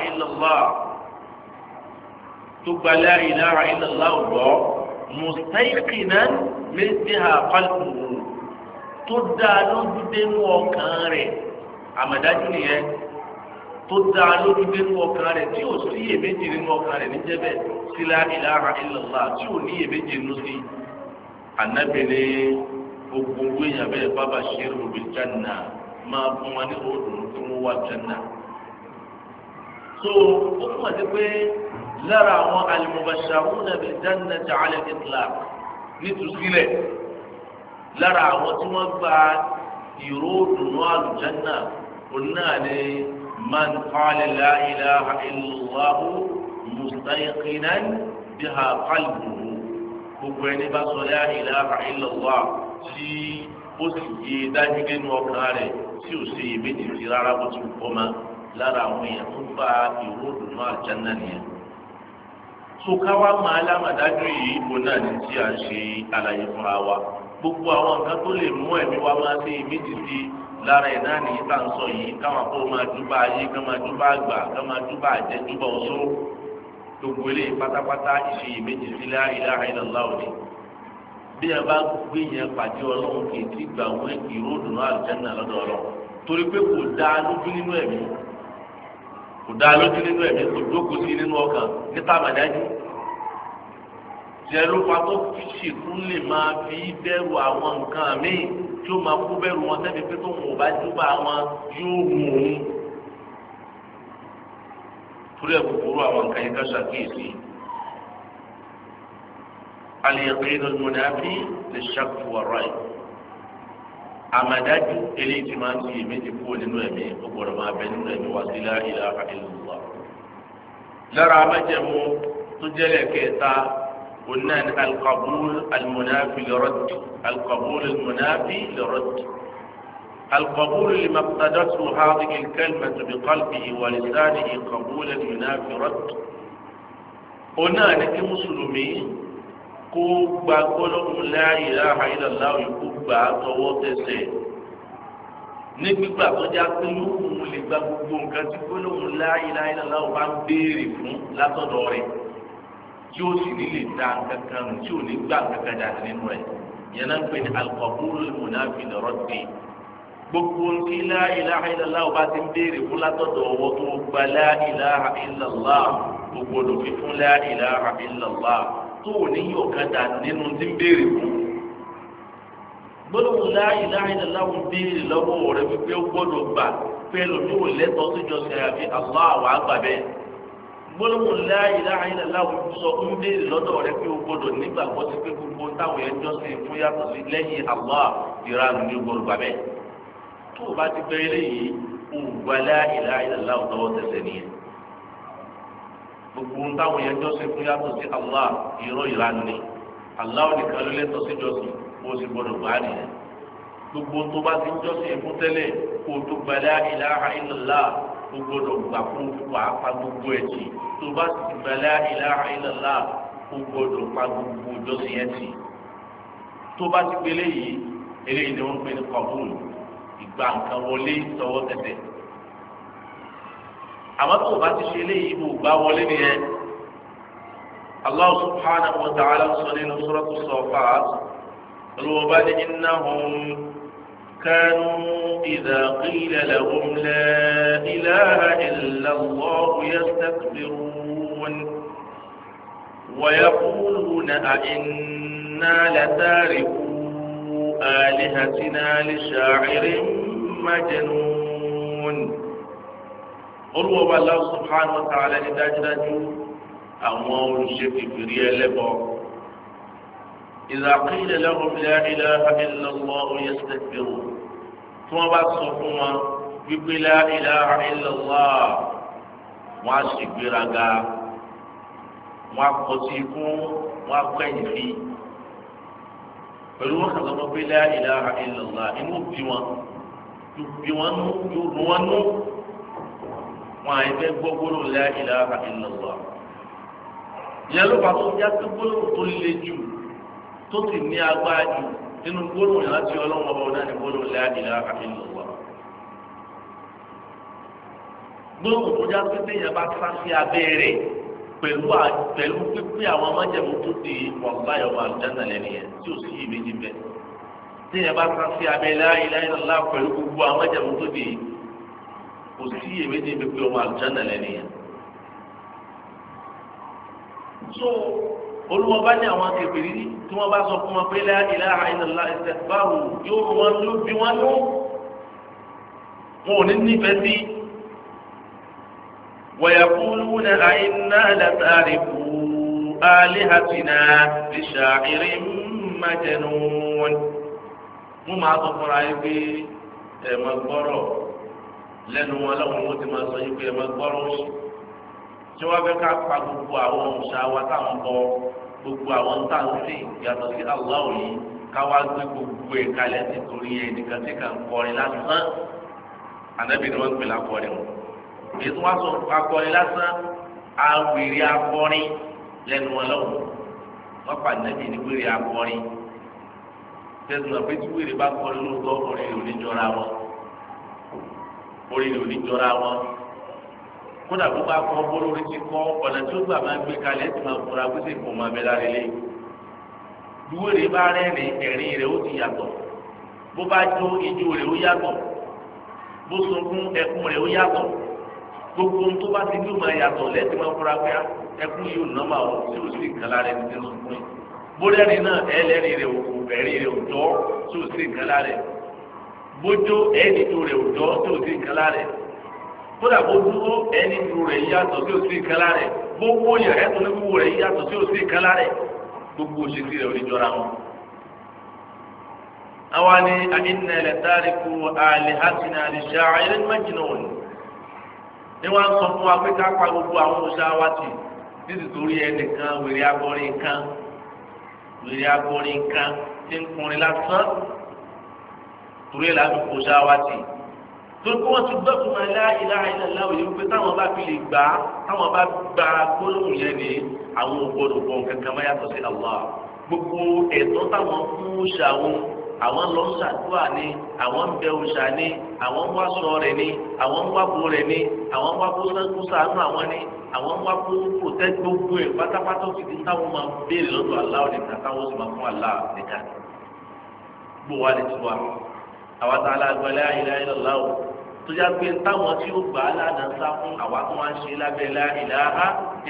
tó gba la ilaha ọ̀dọ́ mùsítẹ́ìkì náà méjì hà pálíkù tó dáa lójú dénú ọkàn rẹ̀ àmọ̀dájú nìyẹn tó dáa lójú dénú ọkàn rẹ̀ tí ò sí iyèméjì nínú ọkàn rẹ̀ níjẹ́bẹ̀ sí la ilaha illallah tí ò ní iyèméjì nínú sí anábìrin gbogbo owó èèyàn bẹ́ẹ̀ bábà ṣe é rògbè jánà máa fún wa ní òòdùn tí wọ́n wá jánà. so ó fún àti pé lára àwọn al-mubashshiruna bil jannati ala al-itlaq nítòsílẹ̀ lára àwọn tí wọ́n gba ìró dùnú àlùjánà òun náà ni man qala la ilaha illallah mustaqinan biha qalbuhu gbogbo ẹni bá sọ la ilaha illallah tí ó sì yé dájú nínú ọkàn rẹ̀ tí ò sí ìbéjì sí rárá bó ti kọ́ ma lára àwọn èèyàn tó gba ìró dùnú àlùjánà nìyẹn so káwá máa lámàdájú yìí òun náà ni tí a ń ṣe àlàyé fúnra wa gbogbo àwọn nǹkan tó lè mú ẹ̀mí wa máa ṣe ìmíjì sí lára ẹ̀ náà nìyí tá à ń sọ yìí káwọn akó máa dúbà ayé ká máa dúbà àgbà ká máa dúbà àjẹ dúbà oṣó gbogbo eléyìí pátápátá ìṣe ìmíjì sí la ilaha illallah ni bí ẹ bá gbé yẹn pàdé ọlọ́run kì í ti gbà wọ́n ìró dùnú àlùjánnà lọ́dọ̀ ọlọ́run torí pé kò dá lójú nínú ẹ̀mí kò dá lójú nínú ẹ̀mí kò dókòó sí nínú ọkàn ní tàmàdájú ìdẹ́rùpa tó fi ṣèkún lè máa fi bẹ̀rù àwọn nǹkan míì tí ó máa kú bẹ̀rù wọn sẹ́ni pé tóun ò bá júbà wọn yóò mú òun. torí ẹ̀ kúkúrú àwọn nǹkan yìí ká ṣàkíyèsí. al-yaqīnu al-munāfī lish-shakki war-rayb. àmàdájú eléyìí ti máa ń fi èméjì kúrò nínú ẹ̀mí ó gbọ́dọ̀ máa bẹ nínú ẹ̀mí wá sí lā ilāha illallāh. lára amájẹ̀mú tó jẹ́lẹ̀ kẹta قلنا القبول المنافي لرد القبول المنافي لرد القبول لما اقتدته هذه الكلمة بقلبه ولسانه قبول المنافي رد قلنا أنك مسلمي كوبا قولهم لا إله إلا الله كوبا توتسي nígbà tó jẹ́ pé yóò mú un lè gba gbogbo nǹkan tí gbólóhùn láàyè láàyè lọ́wọ́ bá ń béèrè fún látọ̀dọ̀ rẹ̀. tí ó sì nílè da kankan tí ò ní gbà kankan dà nínú rẹ̀ yẹn náà ń pè ní alukọ̀kúrú mùnàfi lọ́rọ́ ti gbogbo ní la ilaha illallah ọba ti ń béèrè fún látọ̀dọ̀ ọwọ́ tó gba la ilaha illallah gbogbo òfin fún la ilaha illallah tó ò ní yóò kan dà nínú ti ń béèrè fún gbọ́dọ̀ la ilaha illallah ń béèrè lọ́wọ́ rẹ̀ wípé ó gbọ́dọ̀ gbà pé lómi ò lẹ́tọ̀ọ́ síjọ́sìn àfi Allah àgbà bẹ́ẹ̀ gbólóhùn láàyè láàyè láwùjọ sọ ń béèrè lọ́dọ̀ rẹ pé o gbọdọ̀ nígbàgbọ́ sí pé gbogbo táwọn ẹjọ́ sí fún yàtọ̀ sí lẹ́yìn Allah ìranù ní gbọdọ̀ gbàbẹ́ tó o bá ti gbé eléyìí o gba láàyè láàyè láwùjọ tọwọ́ tẹsẹ̀ nìyẹn gbogbo táwọn ẹjọ́ sí fún yàtọ̀ sí Allah ìró ìranù ni Allah nìkan ló lẹ́tọ̀ sí jọ́sìn o gbọ́dọ̀ gbà fún wàá pa gbogbo ẹtì tó bá ti gba la ilaha illallah o gbọ́dọ̀ pa gbogbo ìjọsìn ẹtì tó bá ti gbélé yìí eléyìí ni wọ́n pè ní kọbúl ìgbà nǹkan wọlé tọwọ́ tẹ̀tẹ̀ àmọ́ tó bá ti ṣe eléyìí o gbà wọlé nìyẹn Allah subhanahu wa ta'ala sọ nínú suratu Safat olùwọ́bá ní innahum. كانوا إذا قيل لهم لا إله إلا الله يستكبرون ويقولون أئنا لتاركوا آلهتنا لشاعر مجنون قل هو الله سبحانه وتعالى لتجرد أمور شكل في إذا قيل لهم لا إله إلا الله يستكبرون tí wọ́n bá sọ fún wọn wípé la ilaha illallah wọ́n á sì gbéraga wọ́n á kọ sí ikú wọ́n á pẹ́yìn sí i pẹ̀lú wọn kàn sọ pé la ilaha illallah inú bí wọn yóò bí wọn nú yóò rún wọn nú wọn àyè fẹ́ gbọ́ gbólóhùn la ilaha illallah ló fà tó yá sí gbólóhùn tó le jù tó sì ní agbára jù nínú gbólóhùn láti ọlọ́run ọba ọ̀dá ni gbólóhùn láàdìlá àfihàn gbólóhùn tó já sí téèyàn bá sá sí abẹ́ rẹ̀ pẹ̀lú pẹ̀lú pípé àwọn amájẹ̀mú tó di wàláyọ̀ wà lùdánà lẹ́nìyẹn tí ò sí ìbejì bẹ́ẹ̀ téèyàn bá sá sí abẹ́ láìláìlá pẹ̀lú gbogbo amájẹ̀mú tó di kò sí ìbejì bẹ́ẹ̀ pé ọmọ àlùdánà lẹ́nìyẹn olúwa bá ní àwọn kèfèrí tí wọ́n bá sọ fún wọn pé la ilaha illallah ìsẹ̀fáàrù yóò rún wọn ló bí wọn ló wọn ò ní nífẹ̀ẹ́ sí. wa yaquluna a inna latariku alihatina li sha'irin majnun. mo máa sọ fúnra yín pé ẹ̀ máa gbọ́rọ̀ lẹ́nu wọn láwọn ọmọ ti máa sọ yín pé ẹ̀ máa gbọ́rọ̀ yín tí wọ́n fẹ́ ká pa gbogbo àwọn òòṣà wa táwọn bọ gbogbo àwọn tá à ń sìn yàtọ̀ sí Allah yìí káwá gbé gbogbo ẹ̀ kalẹ̀ nítorí ẹnìkan tí kà ń kọrin lásán ànábì ni wọ́n ń pè lákọrin wọn èyí tó wá sọ akọrin lásán awèrè akọrin lẹ́nu wọn lọ́wọ́ wọ́n pa ànábì ní wèrè akọrin tẹ̀sán àpé tí wèrè bá kọrin lóòótọ́ orin rẹ̀ ò jọra wọn orin rẹ̀ jọra wọn kódà bó bá kọ́ bólórí ti kọ́ ọ̀nà tí ó gbà máa gbé kalẹ̀ ti máa fura bó sì fún ọmọ abẹ́ lára ilé ìwé rẹ̀ bá rẹ́rìn ẹ̀rín rẹ̀ ó ti yàtọ̀ bó bá jó ijó rẹ̀ ó yàtọ̀ bó sunkún ẹkún rẹ̀ ó yàtọ̀ gbogbo ohun tó bá ti ní ìmọ̀ yàtọ̀ lẹ́ẹ̀tì máa fura pé ah, ẹkún yóò nà máa wọ̀ tí ó sì kan lára ẹni tí ó sunkún yìí bólẹ́rìn náà ẹlẹ́rìn rẹ̀ òkú ẹ̀rín rẹ̀ òjọ́ tí ó sì kan lára bójó ẹ̀ẹ́dìjó rẹ̀ òjọ́ tí ó sì kan lára kódà bó dúró ẹni dúró rẹ̀ yíyàtọ̀ sí òsì ìkẹlá rẹ̀ bó wó yẹn ẹ̀tọ́ ní wíwó rẹ̀ yíyàtọ̀ sí òsì ìkẹlá rẹ̀ gbogbo òṣèlú rẹ̀ ò ní jọra wọn. àwa ni àdínà ilẹ̀ táàrí kú àlè hàtìnà àlè ṣá ayẹlẹ mẹ́jìnà òní. ni wọ́n sọ fún wa pé ká pa gbogbo àwọn oṣù àwa títí torí ẹnìkan wèrè agbọ́rin kan wèrè agbọ́rin kan ti ń kunrin lásán torí ẹ̀ láti oṣù àwa torí pé wọ́n ti gbẹ́kùn máa lá ilaha illallah òye wípé táwọn bá fi lè gbà á táwọn bá gba gbólóhùn yẹn ni àwọn ògbọ́dọ̀ bọ̀ kankan máa yàtọ̀ sí Allah gbogbo ẹ̀tọ́ táwọn fún ṣà wọn àwọn lọ ṣàdúrà ni àwọn bẹ òṣà ni àwọn wá sọ rẹ̀ ni àwọn wá bo rẹ̀ ni àwọn wá bó sẹ́kù sàánú àwọn ni àwọn ń wá bó pòtẹ́ gbogbo ẹ̀ pátápátá ó di táwọn máa béèrè lọ́dọ̀ Allah nìkan táwọn sì máa fún Allah àwa tá a la gbọ́ la ilaha illallah o tó já pé táwọn tí ó gbà á lánàá sá fún àwa tó wá ń ṣe lábẹ́ la ilaha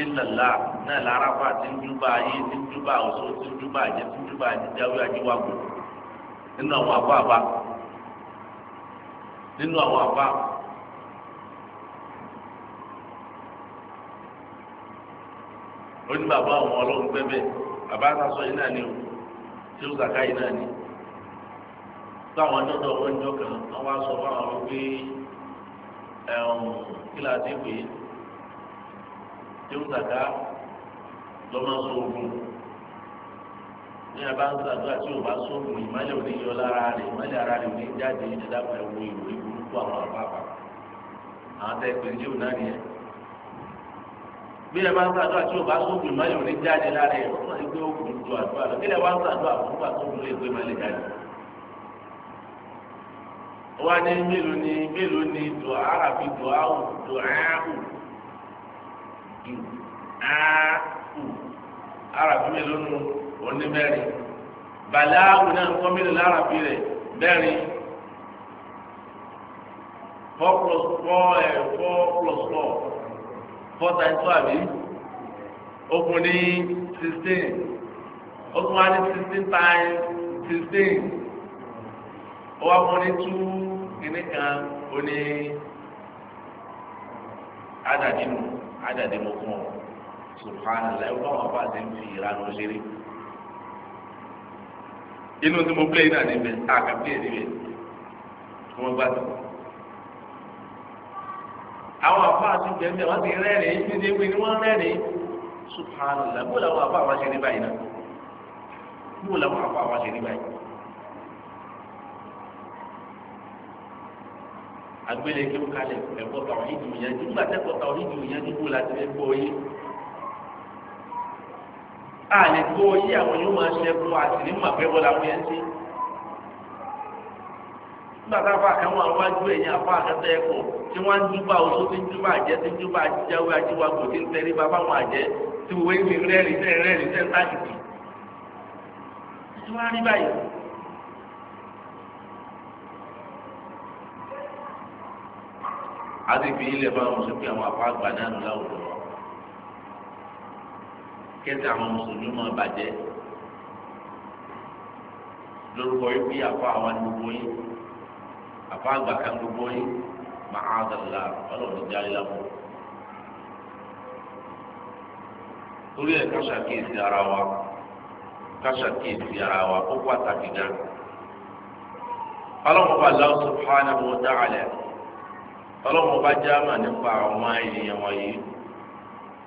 illallah náà lára fà tí ń dúbà ayé tí ń dúbà àjẹ tí ń dúbà nínú àwọn àbá àbá nínú àwọn àbá. ó ní bàbá àwọn ọlọ́run pẹ́ bẹ́ẹ̀ bàbá àtàsọ yìí náà ni o tí ó zàká náà ni táwọn dọ́dọ̀ wọn jọ kan wọ́n wá sọ fáwọn wípé kíláàsì pé jẹun sàdá lọ́mọ sóògùn ní abá ń sàdúrà tí ò bá sóògùn ìmọ̀lẹ̀ ò ní yọ lára rẹ̀ ìmọ̀lẹ̀ ara rẹ̀ ò ní jáde ìdádàpọ̀ ẹ̀wọ̀ ìwé burúkú àwọn àpapà àwọn tẹ̀ pé ní òun náà nìyẹn bí ẹ bá ń sàdúrà tí ò bá sóògùn ìmọ̀lẹ̀ ò ní jáde lára ẹ̀ ó sọ pé ó kùn ju àdúrà lọ kí lẹ wá ń sàdúrà fún pàtó òun lè gbé ìmọ̀lẹ̀ jáde wọ́n á ní mélòó ni mélòó ni dùn àràbí dùn áwù dùn áhù dùn áhù àràbí mélòó nu òní mẹ́rin bàlẹ́ áhù náà ń kọ́ mélòó lárabí rẹ̀ mẹ́rin four plus four ẹ̀ eh, four plus four four times two àbí okùn ní sixteen okùn wa ní sixteen times sixteen ó wá fún ní two kíní kan ó ní ádàdì mu ádàdì mu fún ọ subhanallah ẹ báwọn bá ti ń fi ìranù ṣeré inú tí mo play náà níbẹ̀ àkàpẹ́ níbẹ̀ tí wọ́n gbà tó àwọn àbá àti gbẹ̀mí àwọn ti rẹ́rìn-ín ní dégbé ni wọ́n rẹ́rìn-ín subhanallah bó làwọn àbá àwọn ṣe ní báyìí náà bó làwọn àbá àwọn ṣe ní báyìí. agbélé kí ó kalẹ̀ ẹ̀kọ́ tàwíìdì yẹn nígbà tẹ́kọ̀ tàwíìdì yẹn níbo la ti fẹ́ gbọ́ yé a lè gbọ́ yé àwọn yóò máa ṣe fún àtìrí mà fẹ́ bọ́lá fún yẹn sí nígbà tá a fà kán wọn wájú ẹ̀yìn àfa àkẹ́tẹ́ ẹ̀kọ́ tí wọ́n ń dúpà oṣù tí ń dúpà àjẹ́ tí ń dúpà àjíjáwé àjíwágbò tí ń tẹ́rí bàbá àwọn àjẹ́ tí wọ́n ń rẹ́rìn rẹ́rìn rẹ́rìn tẹ́ àdìbí ilẹ̀ bá wọn sọ pé àwọn àpá àgbà náà láwùjọ kẹsì àwọn mùsùlùmí máa bàjẹ́ lórúkọ yìí bí àpá àwọn gbogbo yìí àpá àgbà kan gbogbo yìí máa dàgbà ọlọ́run jáde lábọ̀. torí ẹ̀ ká ṣàkíyèsí ara wa ká ṣàkíyèsí ara wa ó pàtàkì gan. ọlọ́run bá Allah subhanahu wa ta'ala ọlọ́run bá já mà nípa àwọn èèyàn wọ̀nyí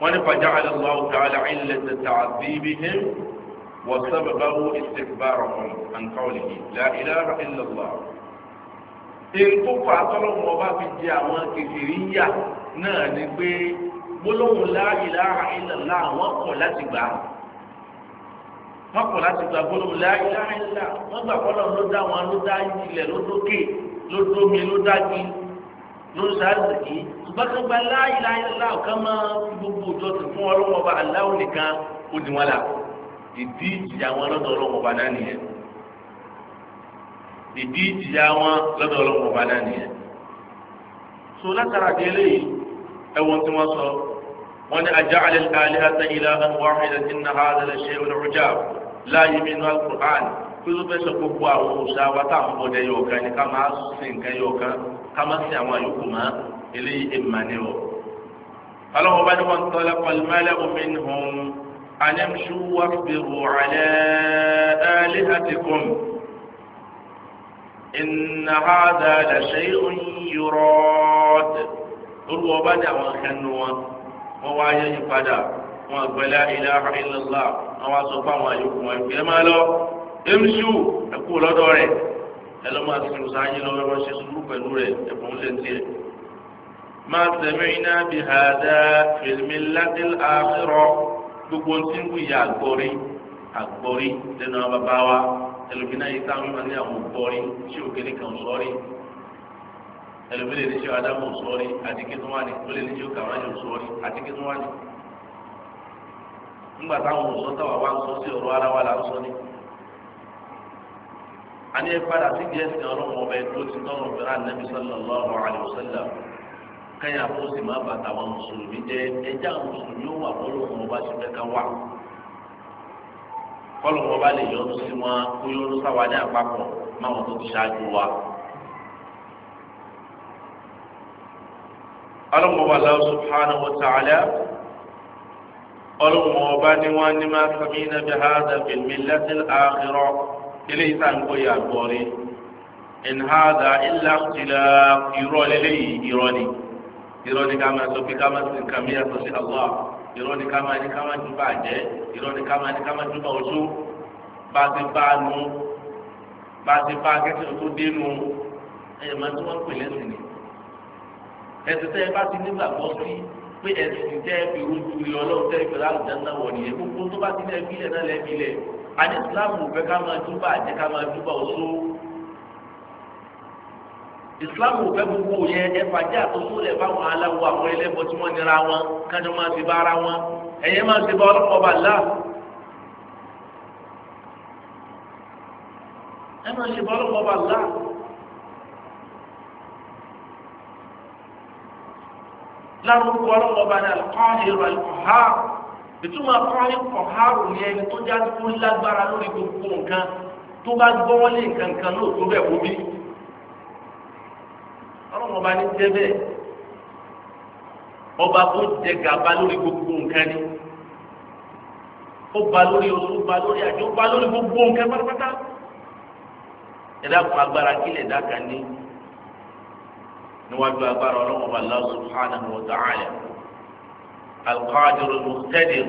wọ́n ní fàjà àlọ́lá ọ̀tàlá ilẹ̀ tẹ̀tà àbíbí ní wọ́n sábà bá wú ìsèkbárò wọn àǹkọ́ọ̀lì láìlára ìlọ́lá. èyí tó fà á tọ́lọ́run ọba fi jẹ àwọn kékeré yà náà ni pé gbólóhùn láìlára ìlọ́lá àwọn kọ̀ láti gbà á wọn láti gba gbólóhùn láìlára ìlọ́lá ilẹ̀ ló dókè ló dómi ló ń ṣàrùkì ṣùgbọ́n tó gba láàyè láàyè láàyè kan máa fi gbogbo òjò tó fún ọlọ́wọ́ ọba aláwọ̀ nìkan ó di wọn la ìdí ìjìyà wọn lọ́dọ̀ ọlọ́wọ́ ọba náà nìyẹn ìdí ìjìyà wọn lọ́dọ̀ ọlọ́wọ́ ọba náà nìyẹn. so látara di eléyìí ẹwọn tí wọn sọ wọn ni aja'ala al-alihata ilahan wahidan inna hadha la-shay'un 'ujab láàyè mi nínú al pé ló fẹ́ gbogbo àwọn òṣà wa táwọn ọmọdé yóò kama sí àwọn àyòkù mọ́ eléyìí èèmà ni o. ọlọ́wọ́ bá ní wọn tọ́lá pọ̀lùmọ́lẹ́ omi nìhun anamṣu wàfẹ̀rù alẹ́ ẹ̀ẹ́lẹ́ àtìkùn. إن هذا لشيء يراد orú ọba ní àwọn ẹnu wọn wọn wá ayé yìí padà wọn àgbẹlẹ ilaha illallah wọn wá sọ fún àwọn àyòkù wọn ìgbẹ́ máa lọ emṣu ẹ̀kú lọ́dọ̀ rẹ̀ ẹ lọ́ máa sinú sáyé lọ́wọ́ wọn ṣe sùúrù pẹ̀lú rẹ̀ ẹ̀bùn ń lé tiẹ̀. máa tẹ̀mí iná bí hàdá fèlmí ládìl àfẹ́rọ́ gbogbo tí ń wuyà àgbọ̀rí àgbọ̀rí lẹ́nu àwọn bàbá wa ẹlòmínà yìí táwọn máa ní àwọn ògbọ́rí tí òkèlè kan sọ́ọ́rí ẹlòmínà yìí ṣe àdámọ̀ sọ́ọ́rí àti kí tó ó lè ní ṣe kàwáyé sọ́ọ́rí àti àní ẹ padà sí díẹ̀ sí ọlọ́run ọba ẹ̀dúró ti tọ́lọ̀ fẹ́rẹ́ ànábì sallallahu alaihi wasallam kẹ́yìn àfọ́sí máa bàtà àwọn mùsùlùmí jẹ́ ẹjẹ́ àwọn mùsùlùmí ó wà bọ́lọ́run ọba ti fẹ́ ká wà kọ́lọ́run ọba lè yọnu sí wọn kó yọnu sáwa ní àpapọ̀ máwọn tó ti ṣáájú wa. ọlọ́run ọba Allah subhanahu wa ta'ala ọlọ́run ọba ni wọ́n ní máa sami nàbí hàdà fil millatil akhirah eléyìí tá à ń kó yà gbọ́ rí in hadha illa ikhtilaf irọ́ lélẹ́yìí irọ́ ni irọ́ ni ká máa sọ pé ká máa sin kàmí yàtọ̀ sí Allah irọ́ ni ká máa ní ká máa tún bá jẹ́ irọ́ ni ká máa ní ká máa tún bá oṣù bá ti bá nu bá ti bá akẹ́kọ̀ọ́ tó dé nu ẹ̀yẹ̀ máa tún wọ́n pè lẹ́sìn ni ẹ̀sìn tẹ́ bá ti nígbàgbọ́ sí pé ẹ̀sìn tẹ́ fi rojú rí ọlọ́run tẹ́ ẹ fi rálùjá náà wọ̀ nìyẹn gbogbo tó bá ti lẹ́ẹ̀ àní ìsìláàmù ò kama ká a dúbà àti ká máa dúbà oṣó gbogbo yẹ ẹfà jẹ́ àtúntò lẹ̀ fáwọn aláwọ̀ nira wọn kájọ ma ti bá ara wọn ẹ̀yẹ máa ti bá ọlọ́pàá laa là ẹ máa ṣe bá ọlọ́pàá bá ìtumọ̀ fúnni ọ̀hárò ni ẹni tó já tó lágbára lórí gbogbo nǹkan tó bá gbọ́wọ́ lé nǹkan kan náà tó bẹ̀ wó bí. ọlọ́run ọba ní jẹ́ bẹ́ẹ̀ ọba tó jẹ gàba lórí gbogbo nǹkan ni ó ba lórí oṣù ba lórí àjọ ba lórí gbogbo nǹkan pátápátá ẹ̀dá kan agbára kílẹ̀ dáka ní níwájú agbára ọlọ́run ọba Allah subhanahu wa ta'ala. القادر المقتدر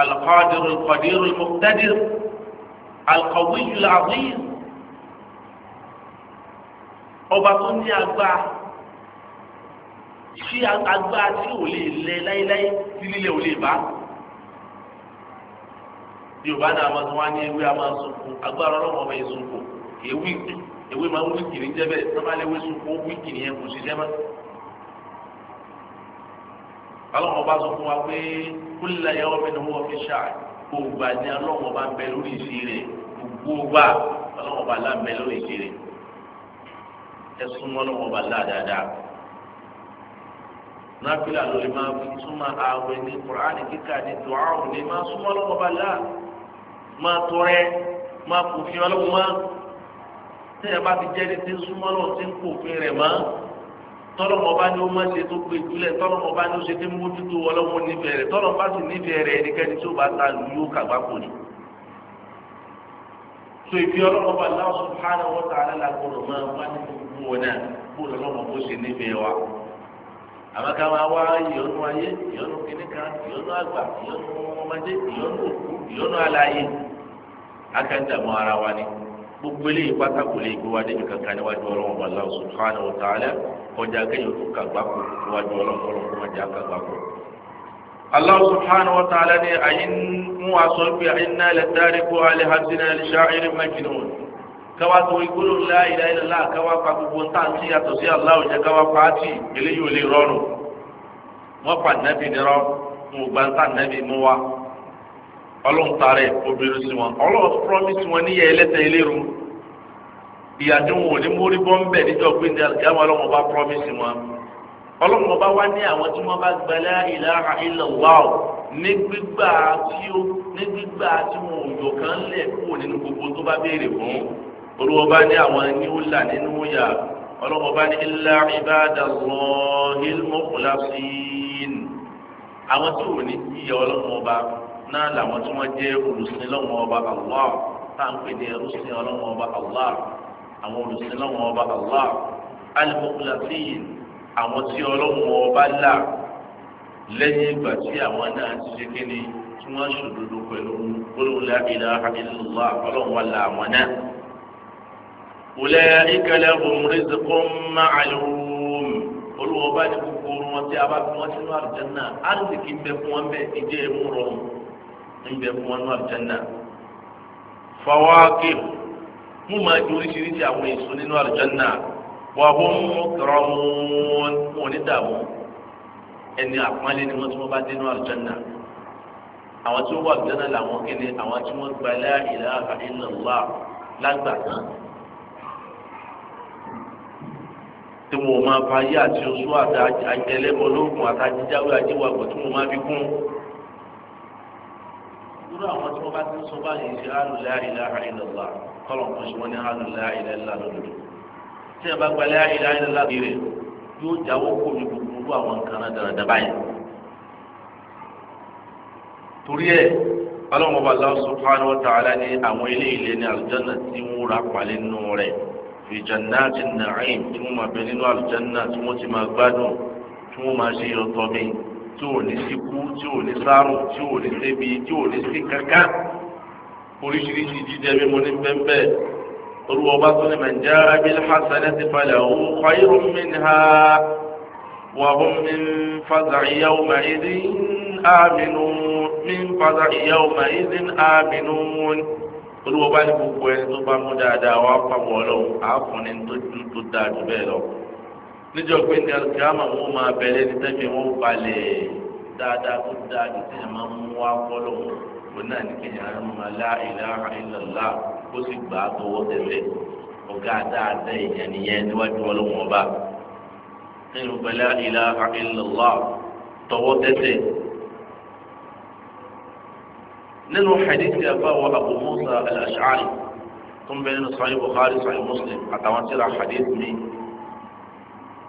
القادر القدير المقتدر القوي العظيم ọba tó ní agbára tí agbára tí ò lè lẹ láéláé tí lílẹ ò lè bá yorùbá náà máa tún wá ní ewé a máa sunkún agbára ọlọ́wọ́ ọmọ yìí ewé ewé máa ń wí kìrì jẹ́ sábà lè wé sunkún ó sí jẹ́ ọlọ́run ọba sọ fún wa pé kulla yawmin huwa fi sha'n gbogbo àti ọlọ́run ọba ń bẹ lórí ìṣe rẹ̀ gbogbo wa ọlọ́run ọba là ń bẹ lórí ìṣe rẹ̀ ẹ̀sùn ọlọ́run ọba là dáadáa náfìlà ló lè máa fi súnmọ́ ààwẹ̀ ní kùránì kíkà ní dùá ò lè máa súnmọ́ ọlọ́run ọba là máa tọrẹ máa kòfin ọlọ́run máa tẹ́yà bá ti jẹ́ ní ti súnmọ́ ọlọ́run ti ń kòfin rẹ̀ máa tọ́lọ́mọ bá ní ó má ṣe tó gbé jùlẹ̀ tọ́lọ́mọ bá ní ó ṣe tó mójútó ọlọ́mọ nífẹ̀ẹ́ rẹ̀ tọ́lọ́mọ bá sì nífẹ̀ẹ́ rẹ̀ ẹnikẹ́ni tó bá ta lù yóò kàgbá kò so ìfi ọlọ́mọ bá Allah subhanahu wa ta'ala lágbọ́dọ̀ máa wá ní gbogbo wọn náà kó lọ́lọ́mọ kó ṣe nífẹ̀ẹ́ wa. àmọ́ ká wá ìyọnu ayé ìyọnu kìnnìkan ìyọnu àgbà ìyọnu ọmọdé ìyọnu òkú ìyọnu aláyé akẹ́ńtàmọ́ ara wa gbogbo eléyìí pátákó lè gbé wa débi kankan níwájú ọlọ́mọ bá Allah subhanahu wa ta'ala kọjá kéèyàn tó kàgbá kó níwájú ọlọ́kọ́lọ́ kó má jẹ́ àkàgbá kó. Allah subhanahu wa ta'ala ni ayin mu wa sọ pé inna la tariku alihatina li sha'irin majnun káwá tó igbóló la ilaha illallah káwá pa gbogbo ń tàn sí yàtọ̀ sí Allah káwá pa á tì eléyìí ò lè rọrùn wọ́n pa nàbì nírọ́ mo gbà ń tàn nàbì mú wa ọlọ́run tààrẹ̀ obìnrin sí wọn ọlọ́run promise wọn níyẹ ẹlẹ́tẹ̀ ìyàdínwó ní mórí bọ́ ń bẹ̀ níjọ́ pé ní àlùkàmọ́ ọlọ́run ọba promise wọn ọlọ́run ọba wá ní àwọn tí wọ́n bá gba la ilaha illallah ní gbígbà tí ó ní gbígbà tí wọn ò yọ kán lẹ̀ kúrò nínú gbogbo tó bá béèrè fún olúwa bá ní àwọn ní ó là nínú yà ọlọ́run ọba ní illa ibadallahil mukhlasin àwọn tí ò ní yíyẹ ọlọ́run ọba náà làwọn tí wọ́n jẹ́ olùsìn ọlọ́run ọba Allah táà ń pè ní ẹrú sin ọlọ́run ọba Allah àwọn olùsìnlọ́wọ́n ọba allah alimokulafiyin àwọn tí ọlọ́wọ́n ọba là lẹ́yìn ìgbà tí àwọn náà ti ṣe kéde tí wọ́n ṣòdodo pẹ̀lú gbólóhùn lábìlá hamidulilá ọlọ́wọ́n là àwọn náà. أولئك لهم رزق معلوم olùwọ́ bá ní gbogbo oorun wọn tí a bá fi wọn sínú àlùjánnà àlùkì ń bẹ fún wọn bẹ ìjẹ́ ìmú rọrùn ń bẹ fún wọn nínú àlùjánnà. fawakih mo máa ju oríṣiríṣi àwọn èso nínú àlùjànnà wà wọ́n mú kọ́rọ́ mú wọn ní dààmú ẹni àpọ́nlé ni wọ́n tí wọ́n bá dé nínú àlùjànnà àwọn tí wọ́n wà àlùjànnà làwọn kéde àwọn tí wọ́n gba la ilaha illallah lágbàtàn tí mo máa fa ayé àti oṣù àti àjẹlẹ́bọ lóògùn àti ajíjáwé ajéwàgbọ̀ tí mo máa fi kún irú àwọn tí wọ́n bá ti sọ báyìí ṣe àlùlá ìlà àìlọ́lá kọ́lọ̀ kan ṣe wọ́n ní hàn la ilaha illa lódodo tí ẹ bá gba la ilaha illa rẹ yóò jáwọ́ kó mi gbogbo àwọn nǹkan náà dáradára báyìí torí ẹ ọlọ́run ọba Allah subhanahu wa ta'ala ní àwọn ilé ilé ní àlùjáná tí wọ́n ra pàlẹ́ nù rẹ̀ fi jannati na'im tí wọ́n máa bẹ nínú àlùjáná tí wọ́n ti máa gbádùn tí wọ́n máa ṣe ìrọ̀tọ́ mi tí ò ní síkú tí ò ní sárùn tí ò ní sébi tí ò ní sí kankan oríṣiríṣi jíjẹ mímu ní pẹ́ńpẹ́ olú ọba tó ní man jaa bil hasanati falahu khayrun minha wa hum min faza'i yawma'idhin aminun min faza'i yawma'idhin aminun olú ọba ní gbogbo ẹni tó bá mú dáadáa wá pamọ́ ọlọ́run àáfọ̀nì tó dáa jù bẹ́ẹ̀ lọ níjọ pé ní alùpùpù wọn máa bẹ̀rẹ̀ ní tẹ́fẹ̀ wọn balẹ̀ dáadáa tó dáa jù tí ẹ̀ máa mú wá kọ́ òun náà ní kéèyàn á mọ la ilaha illallah kó sì gbà á tọwọ́ tẹ̀lé ọ̀gá dáadáa èèyàn nìyẹn níwájú ọlọ́wọ́n ọba nínú la ilaha illallah tọwọ́ tẹ̀lé. nínú hadith yàgbá wa Abu Musa al-Ash'ari tó ń bẹ nínú Sahih Bukhari Sahih Muslim àtàwọn tíra hadith mi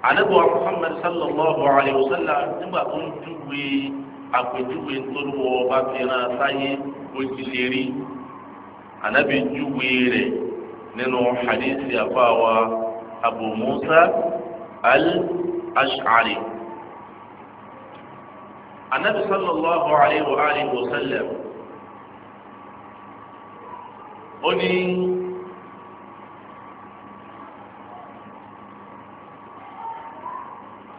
anabu Muhammad sallallahu alayhi wa sallam nígbà tó ń júwe àpèjúwe tó ń wọ ọba fi ran sáyé bó ti lè rí ànábì júwe rẹ̀ nínú hadisi àfáwa abu musa al-ash'ari. ànábì sallallahu alayhi wa alihi wa sallam ó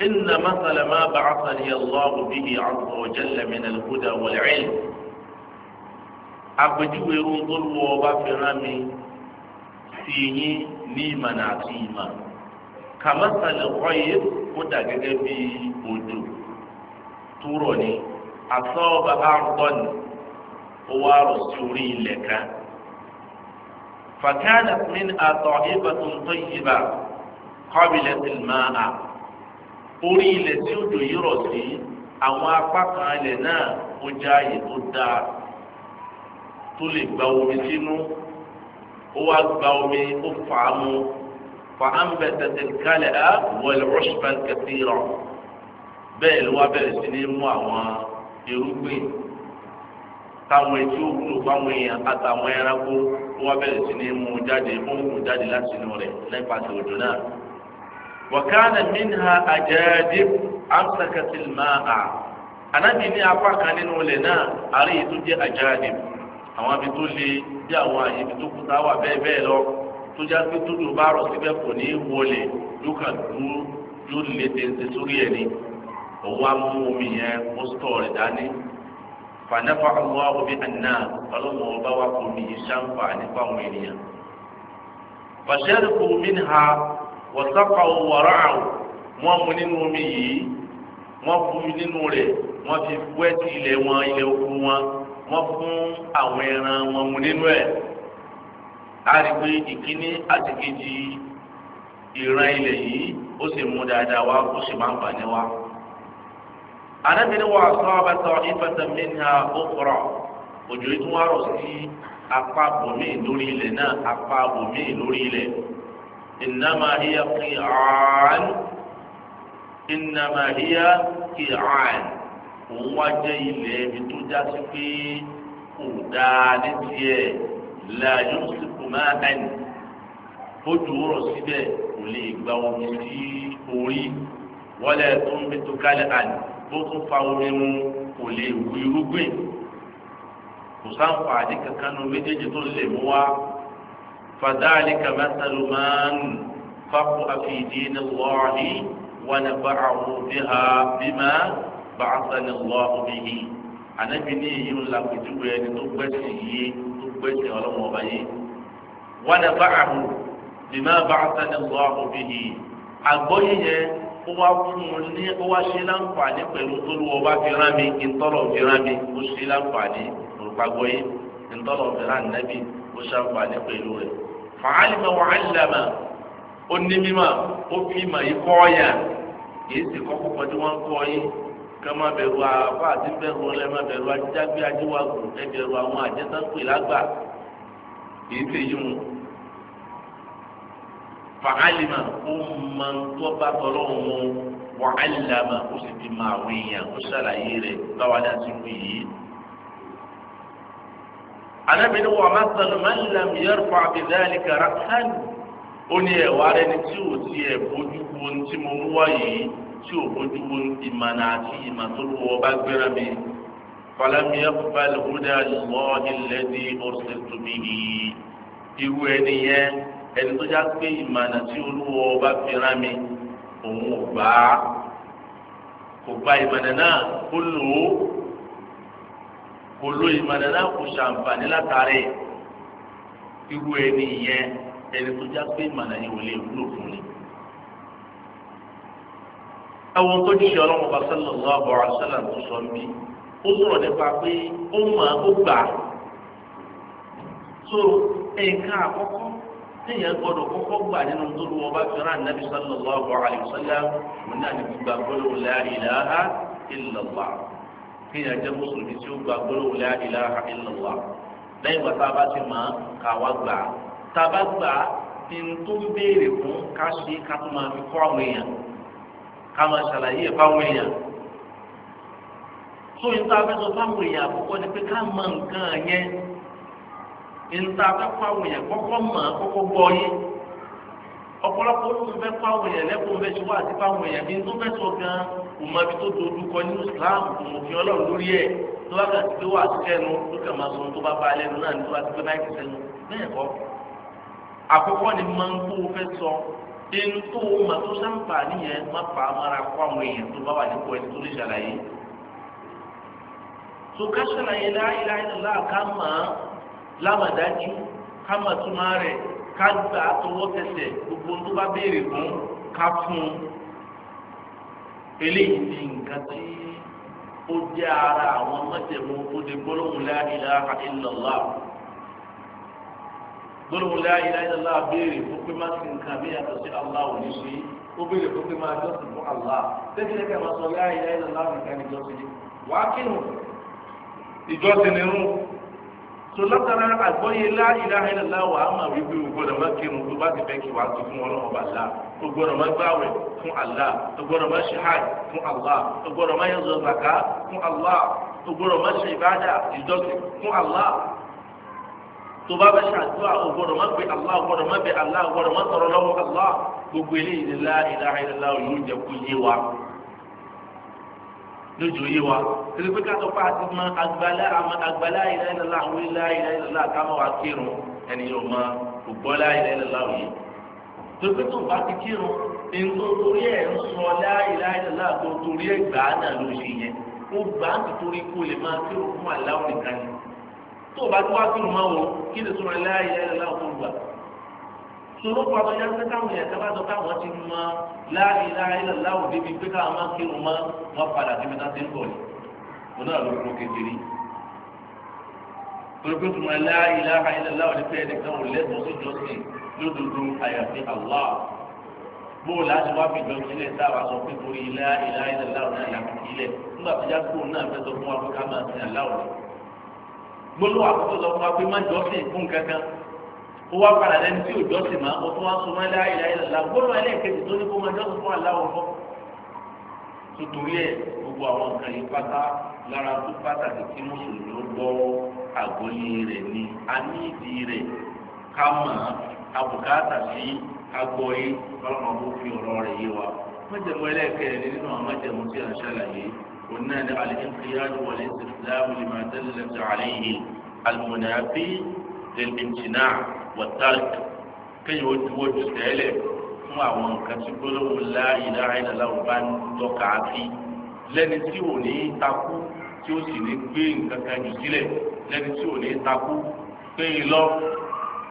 إن مثل ما بعثني الله به عز وجل من الهدى والعلم أبجو ينظر وبافرامي فيه نيما نعطيما كمثل غير هدى أجنبي هدو تروني أصاب أرضا وار سوري لك فكانت من أطائبة طيبة قبلت الماء orí ilẹ̀ tí òjò yìí rọ̀ sí àwọn apá kan ilẹ̀ náà ó já àyè tó dáa tó lè gba omi sínú ó wá gba omi ó fà á mu fa anbatat al-kala'a wal-'ushba al-kathira bẹ́ẹ̀ ló wá bẹ̀rẹ̀ sí ní mú àwọn irúgbìn táwọn etí ó fáwọn èèyàn àtàwọn ẹranko ó wá bẹ̀rẹ̀ sí ní mú jáde ó ń mú jáde láti inú rẹ̀ lẹ́pàá sí òjò náà. وكان منها أجادب أمسكت الماء أنا بني أفاق ننو لنا أريد دي أجادب أما بتولي دي أواهي بتوكو تاوى بيبيلو تجا في تولي بارو سيبقوني ولي يوكا دو يولي تنسي سوريني هو مومي مستوري داني فنفع الله بأننا فلما وبوا قومي شنفع نفع وينيا فشربوا منها wọ́sàkọ̀ wọ̀rọ̀ àwọ̀ wọ́n mu nínú omi yìí wọ́n fún nínú rẹ̀ wọ́n fi wẹ́tì ilẹ̀ wọn ilẹ̀ oko wọn wọ́n fún àwọn ẹran wọn mu nínú ẹ̀ àrígbé ìkíní àti kejì ìran ilẹ̀ yìí ó sì mú dáadáa wá ó sì máa ń bà ní wá. anábìrin wa sọ abẹ́tọ̀ ìfẹsẹ̀mí ni a ó kọ̀rọ̀ òjò ìtumọ̀ rọ̀ sí apá bòmíì lórí ilẹ̀ náà apá bòmíì lórí ilẹ̀. إنما هي قيعان إنما هي قيعان هو تجسفي بتجاسكي ودالتي لا يمسك ماء فجور سبه وليقبا ومسي أوري ولا تنبت كالآن بطفا ومن وليقبا ويرقين kò sáǹfà كانوا nu méjèèjì فذلك مثل من فقه في دين الله ونفعه بها بما بعثني الله به anabi ní èyí ń la pẹ̀tùwẹ̀ ẹni tó gbẹ̀sìn yìí tó gbẹ̀sìn ọlọ́wọ́ ọba yìí wọn lè bá àhùn bìmá bá sani lọ òbí yìí àgbọ́yé yẹn ó wá fún un ní ó wá ṣe láǹfààní pẹ̀lú tó lu ọba fi rán mi ìtọ́lọ̀ fi rán mi ó ṣe láǹfààní òrùka gbọ́yé ìtọ́lọ̀ fi rán nàbì ó ṣàǹfààní pẹ̀lú rẹ̀ fàálìmọ̀ wàhálìlámà ó ní mímọ̀ ó fi mà yí kọ́ ọ̀yà kìí sì kọ́ púpọ̀ tí wọ́n ń kọ́ yín ká má bẹ̀rù àfa àti bẹ̀rù ọlẹ́ má bẹ̀rù ajíjágbé ajíwàgùn ẹ bẹ̀rù àwọn àjẹsánkù ìlágbà kìí sì yí wọn. fàálìmọ̀ ó máa ń bá tọ́lọ́run wọn wàhálìlámà ó sì fi máa wíyàn ó ṣàlàyé rẹ̀ báwa dá sí wíyì anabi ni wọ́n máa sọ̀rọ̀ máa ń lam yarfa bidhalika ra'san ó ní ẹ̀wà rẹ ni tí ò ti ẹ̀ bójú wo ní tí mo mú wá yìí tí ò bójú wo ìmọ̀nà àti ìmọ̀ tó lù wọ́ bá gbéra mi falam yaqbal huda allahi alladhi ursiltu bihi irú ẹni yẹn ẹni tó já pé ìmọ̀nà tí olúwọ́ bá fira mi òun ò gbà kò gba ìmọ̀nà náà ó lò ó kò lo ìmọ̀lẹ̀ náà kò ṣàǹfààní látàrí irú ẹni yẹn ẹni tó já pé ìmọ̀lẹ̀ yìí ò lè wúlò fún ni. àwọn tó jíṣẹ́ ọlọ́run bá sẹ́lẹ̀ lọ́wọ́ àbọ̀rọ̀ sẹ́lẹ̀ tó sọ ń bí ó sọ̀rọ̀ nípa pé ó mọ̀ ó gbà so nǹkan àkọ́kọ́ téèyàn gbọ́dọ̀ kọ́kọ́ gbà nínú tó lu ọba fẹ́ràn nàbì sallallahu alaihi wasallam òun náà ní gbígbà gbọ́dọ̀ la ilaha kéèyàn jẹ́ mùsùlùmí tí ó gba gbólóhùn la ilaha illallah lẹ́yìn wá tá a bá ti mọ̀ ká wá gbà á tá a bá gbà á ní tó ń béèrè fún ká ṣe ká tó máa fi kọ́ àwọn èèyàn ká máa ṣàlàyé ẹ̀ fáwọn èèyàn tó ń ta fẹ́ sọ fáwọn èèyàn àkọ́kọ́ ni pé ká mọ̀ nǹkan yẹn ń ta fẹ́ fáwọn èèyàn kọ́kọ́ mọ̀ kọ́kọ́ gbọ́ yẹn ọ̀pọ̀lọpọ̀ olùfẹ́ fáwọn èèyàn lẹ́kọ̀ọ́ fẹ́ ṣe wá àti fáwọn èèyàn bí tó fẹ́ sọ gan kò mọ ibi tó dojú kọ nínú Islam kò mọ̀ fi ọlọ́run lórí ẹ̀ tó bá kà sí pé wà á ti kẹ́nu tó kà máa sọ tó bá bá lẹ́nu náà ní tó bá ti pé náà kì í sẹ́nu bẹ́ẹ̀ kọ́. àkọ́kọ́ ni máa ń kó o fẹ́ sọ inú tó o mà tó sáǹpà nìyẹn má pa amára kó àwọn èèyàn tó bá wà nípò ẹni tó lè ṣàlàyé. tó ká ṣàlàyé láìláìlá ká máa lámàdájú ká máa túmọ̀ rẹ̀ ká gbà á tọwọ́ tẹsẹ̀ gbogbo tó bá béèrè fún ká fún un eléyìí ni nǹkan tí ó jẹ́ ara àwọn mọ́tẹ̀mú tó di gbólóhùn la ilaha illallah gbólóhùn la ilaha illallah béèrè fún pé má sí nǹkan bí yàtọ̀ sí Allah ní sí ó béèrè fún pé máa jọ́sìn fún Allah tẹ́tí lẹ́kẹ̀ máa sọ la ilaha illallah nìkan ni jọ́sìn nínú tó látara àgbọ́yé la ilaha illallah wa ama wípé o gbọ́dọ̀ má kírun tó bá ti fẹ́ kí wàá tó fún ọlọ́run ọba Allah o gbọ́dọ̀ má gbàwẹ̀ fún Allah o gbọ́dọ̀ má ṣe hajj fún Allah o gbọ́dọ̀ má yẹ zọzàká fún Allah o gbọ́dọ̀ má ṣe ìbádà ìjọsìn fún Allah tó bá bẹ o gbọ́dọ̀ má pe Allah o gbọ́dọ̀ má bẹ Allah o gbọ́dọ̀ má tọrọ lọ́wọ́ Allah gbogbo eléyìí la ilaha yóò jẹ kó yé wa lójú yé wa tẹ̀lé pé kátó pa àti mọ agbálá agbálá ilẹ̀ ìlọ́lá àwọn ilẹ̀ ilẹ̀ ìlọ́lá kámọ́ wa kírun ẹnìyàn mọ ògbọ́lá ilẹ̀ ìlọ́lá òye tó pé tó bá ti kírun nǹkan torí ẹ̀ ń sọ láìlá ìlọ́lá tó torí ẹ̀ gbà á náà ló ṣe yẹn ó gbà á nítorí kó lè máa kírun fún aláwọ̀ nìkan ni tó o bá tó wá kírun máa wọ kí lè sọ láìlá ìlọ́lá tó gbà sòrò pàtó yá pé káwọn yẹn sábà sọ káwọn ti mọ láàyè láàyè lọ́láwọ̀ débi pé káwọn máa kírun mọ́ wọn padà débi náà ti ń bọ̀ ni mo náà ló kúrò kékeré torípé tó máa láàyè láàyè lọ́láwọ̀ ní pé ẹnìkan ò lẹ́tọ̀ọ́ sí jọ́sìn lódodo àyàfi Allah bóòlù àti wá fi jọ́sìn ilẹ̀ tá a wà sọ pé torí láàyè láàyè lọ́láwọ̀ náà yà kí ilẹ̀ nígbà tó yá kúrò náà fẹ́ sọ fún wa pé ká máa sin àláwọ̀ gbólóhùn àkókò sọ fún wa pé má jọ́sìn fún ó wá padà lẹ́nu tí òjò sì máa ó tún wá sọ máa láàyè láyè lọ́la gbọ́dọ̀ ẹlẹ́ẹ̀kejì tó ní kó máa jọ́sìn fún aláwọ̀ fọ́. nítorí ẹ̀ gbogbo àwọn nǹkan yìí pátá lára tó pàtàkì tí mùsùlùmí ó gbọ́ àgbọ́yé rẹ̀ ni a ní ìdí rẹ̀ ká mọ̀ àbùkátà sí agbọ́yé ọlọ́mọbó fi ọ̀rọ̀ rẹ̀ yé wa. májèmú ẹlẹ́ẹ̀kẹrin nínú àwọn májèmú tí a ń ṣàlàyé òun náà wọlé ìsìlámù lè máa àbí lè lè wọ̀tárìk kéèyàn ó dúró jù tẹ́lẹ̀ fún àwọn nǹkan tí gbólóhùn la ilaha illallah bá ń tọ́ka sí lẹ́ni tí ò ní takú tí ó sì ní gbé nǹkan kan jù sílẹ̀ lẹ́ni tí ò ní takú pé lọ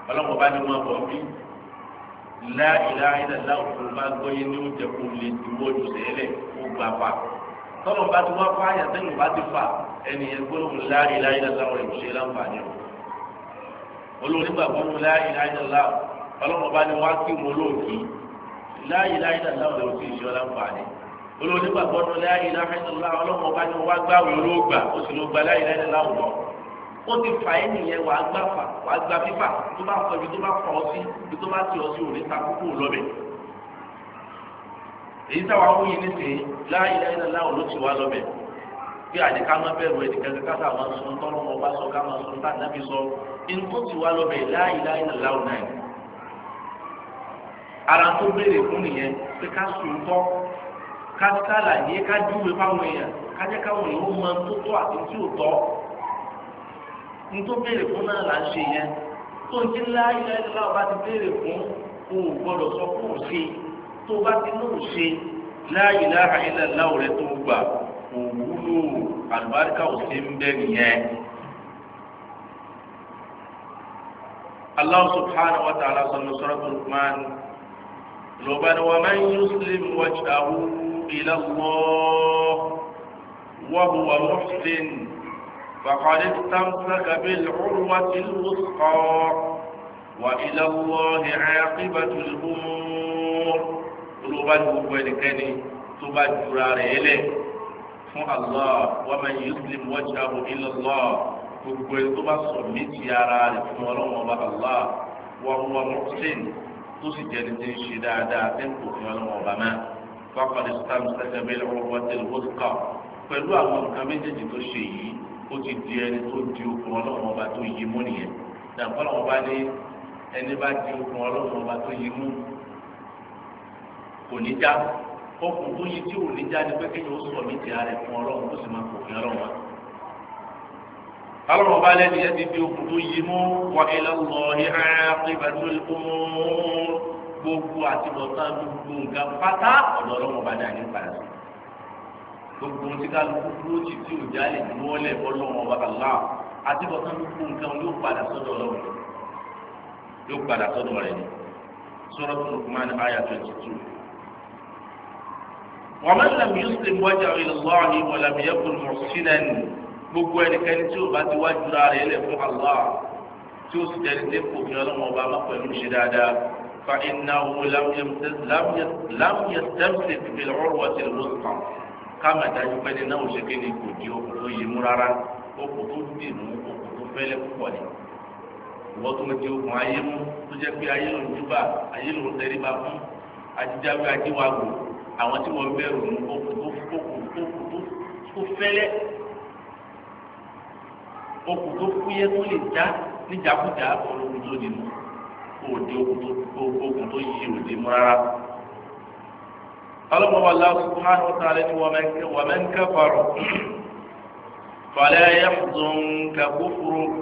ọlọ́mọ bá ní wọn bọ̀ bí la ilaha illallah òfin bá gbọ́ yé ní oúnjẹ kó lè dúró jù tẹ́lẹ̀ ó gbà pa tọ́lọ̀ bá ti wá fáyà sẹ́yìn bá ti fà ẹnìyẹn gbólóhùn la ilaha illallah rẹ̀ ṣe láǹfààní o olórí gbàgbọ́ ní láàyè láyé láwù ọlọ́mọ bá ní wá kí mo lóòkì láàyè láyé láwù lè fi ìṣọ́ láǹfààní olórí gbàgbọ́ ní láàyè láyé láwù ọlọ́mọ bá ní wá gbàwé olóògbà ó sì ló gba láyè láyé láwù lọ. ó ti fà é nìyẹn wàá gbà fà wàá gbà fífà tó bá fọ ibi tó bá fọ ọ sí ibi tó bá tì ọ sí òní ta kúkú lọ́bẹ̀. èyí táwa ń wúyin nísìnyí láàyè láyé pé àdìká máa bẹ̀rù ẹni kẹ́kẹ́ káta máa sọ tọ́lọ́ wọn bá sọ ká máa sọ tá nàbí sọ nǹkan ti wá lọ́bẹ̀ láàyè láàyè làláwù náà ara tó béèrè fún nìyẹn pé ká sùn tọ́ ká sàlàyé ká júwe fáwọn èèyàn ká jẹ́ káwọn èèyàn ó mọ tó tọ́ àti tí ò tọ́ ní tó béèrè fún náà là ń ṣe yẹn tó ń jí láàyè láàyè làwọn bá ti béèrè fún o gbọ́dọ̀ sọ fún òṣè tó bá ti ní òṣè láàyè láàyè làwọn rẹ sùúrù àlùbáríkà ò sí ń bẹ nìyẹn. Allah subhanahu wa ta'ala sọ̀rọ̀ sọ̀rọ̀ Qur'an lọ́ba ni wọ́n máa ń yuslim wajhahu ila Allah wa huwa muhsin faqad istamsaka bil-urwati al-wuthqa wa ila Allahi 'aqibatu al-umur lọ́ba ni gbogbo ẹnikẹ́ni tó bá jura rẹ̀ lẹ́yìn fún Allah wa man yuslim wajhahu ila Allah gbogbo ẹ̀ tó bá sọ mí ti ara rẹ̀ fún ọlọ́wọ́n ọba Allah wa huwa muhsin tó sì jẹ́ ní ti ń ṣe dáadáa tẹ́ ń kò fún ọlọ́wọ́n ọba náà faqad istamsaka bil urwatil wuthqa pẹ̀lú àwọn nǹkan méjèèjì tó ṣe yìí ó ti di ẹni tó di okùn ọlọ́wọ́n ọba tó yí mú nìyẹn dàgbà ọlọ́wọ́n ọkùn tó yí tí ò ní jáde pé kéèyàn ó sọ mí ti ààrẹ fún ọlọ́run tó sì máa kò yẹn lọ́wọ́. alọ́run ọba lẹ́nu yẹn ti fi okùn tó yí mú wà ilẹ̀wọ̀ ní àpébàtó ìkún gbogbo àti bọ̀tán gbogbo nǹkan pátá ọ̀dọ̀ ọlọ́run ọba dà ní ìpàdé. gbogbo ohun tí kálukú dúró jì tí ò jáde mọ́lẹ̀ ọlọ́run ọba àlá àti gbogbo nǹkan yóò padà sọ́dọ̀ ọlọ́run yóò padà sọ́dọ̀ rẹ̀ ní. sọ́rọ́ ومن لم يسلم وجهه إلى الله ولم يكن محسنا gbogbo ẹnikẹ́ni tí o bá ti wá jura rẹ̀ lẹ̀ fún Allah tí o sì jẹ́ ní kò fi ọlọ́mọ ọba má pẹ̀lú ṣe dáadáa fa innahu lámúyẹ tẹ́mísì fìlẹ̀ ọ̀rọ̀ wọ́n ti lè lọ́sùn káàmì dájú pé ní náà o ṣe kí ni kò di okùn tó yé mú rárá okùn tó dì mú okùn tó fẹ́lẹ́ púpọ̀ ni ìwọ́n tó ti okùn ayé mú tó jẹ́ pé ayé ló ń júbà ayé ló ń tẹríba fún ajíjáwé ajíwágbò àwọn tí wọ́n bẹ̀rù ní kókò tó kókò tó kókò tó fẹ́lẹ́ okùn tó fúyẹ́ tó lè já níjàkújà ológun tó nínú òde okùn tó yí òde mú rárá. قال الله سبحانه وتعالى ومن ومن كفر فلا يحزنك كفره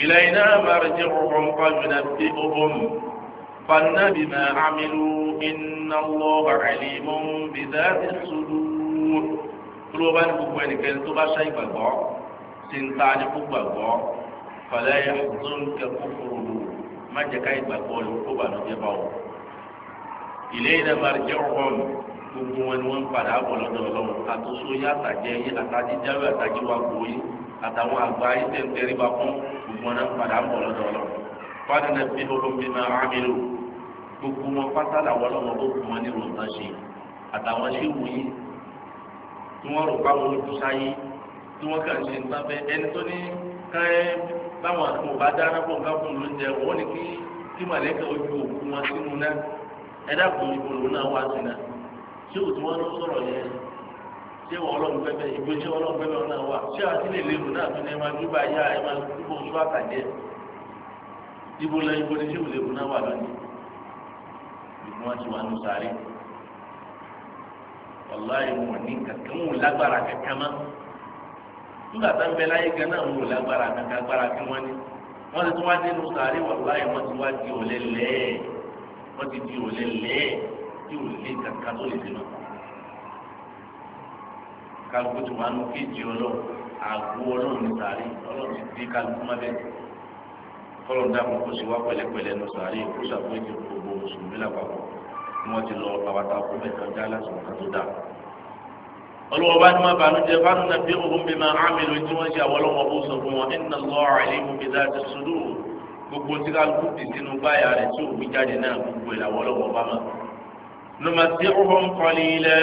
إلينا مرجعهم فننبئهم فالنبي ما عملوا إن الله عليم بذات الصدور tó bá ní gbogbo ẹnikẹ́ni سنتاني bá فلا ìgbàgbọ́ tí ما ta ní gbogbo àgbọ́ fala yahzunka kufruhu má jẹ́ ká ìgbàgbọ́ ló kó bà lọ́jẹ́ bá wọ̀. ilayna marji'uhum gbogbo wọn ni wọ́n ń padà bọ̀ lọ́dọ̀ ọlọ́run àtúnṣe yá àtàjẹ yín àtàjíjáwé àtàjíwá gbòóyè àtàwọn àgbà ayé tẹ̀ ń tẹríba fún gbogbo wọn náà ń padà bọ̀ lọ́dọ̀ ọlọ́run. fadnabbi'hum bima 'amilu gbogbo wọn pátá làwọn ọlọ́wọ́ tó fún wọn ní ròǹtà ṣe àtàwọn ṣéwù yìí tí wọ́n rò báwọn olùsáyé tí wọ́n kàn ṣe nípa fẹ́ ẹni tó ní káyẹ́ báwọn àti mò bá dáná fún nǹkan fún lóúnjẹ wọ́n ní kí kí màlẹ́kà ojú òkú wọn sínú náà ẹ dákun ìbòlò náà wá sí náà ṣéwù tí wọ́n lọ sọ̀rọ̀ yẹn ṣéwù ọlọ́run pẹ́pẹ́ ìgbé ṣé ọlọ́run pẹ́pẹ́ náà wà ṣé àti lè léwu náà tó ní ẹ ìlú wọn ti wà ní sáré wàláyé wọn ní kankan wọn lágbára kankan mọ́ nígbà tá n bẹ láyé gan náà wọn lágbára kankan agbára kí wọn ní wọn ti tún wá dé ní sáré wàláyé wọn ti wá di òlẹ lẹ́ẹ̀ wọn ti di òlẹ lẹ́ẹ̀ tí ò lé kankan tó lè dènà kálukú tí wọn á nu kéjì ọlọ àgbo Ọlọ́run ní sáré Ọlọ́run ti di kálukú má bẹ́ẹ̀ kọlọ̀ dáhùn kó sì wá pẹ̀lẹ́pẹ̀lẹ́ nù sàárè kó sàbóyè gbogbo mùsùlùmí làpapọ̀ ni wọ́n ti lọ àwàtà kó bẹ̀ kọjá lásìkò kan tó dà. olùwọ́ bá ní má bànújẹ́ bánú na bí òun bí máa àmìlò tí wọ́n ṣe àwọn ọlọ́wọ́ bó sọ fún wọn iná lọ àìlèmú bí dájú sódò gbogbo tí kálukú ti sínú báyà rẹ̀ tí òbí jáde náà gbogbo ìlàwọ́ ọlọ́wọ́ bá máa numasi ọhún kọlí lẹ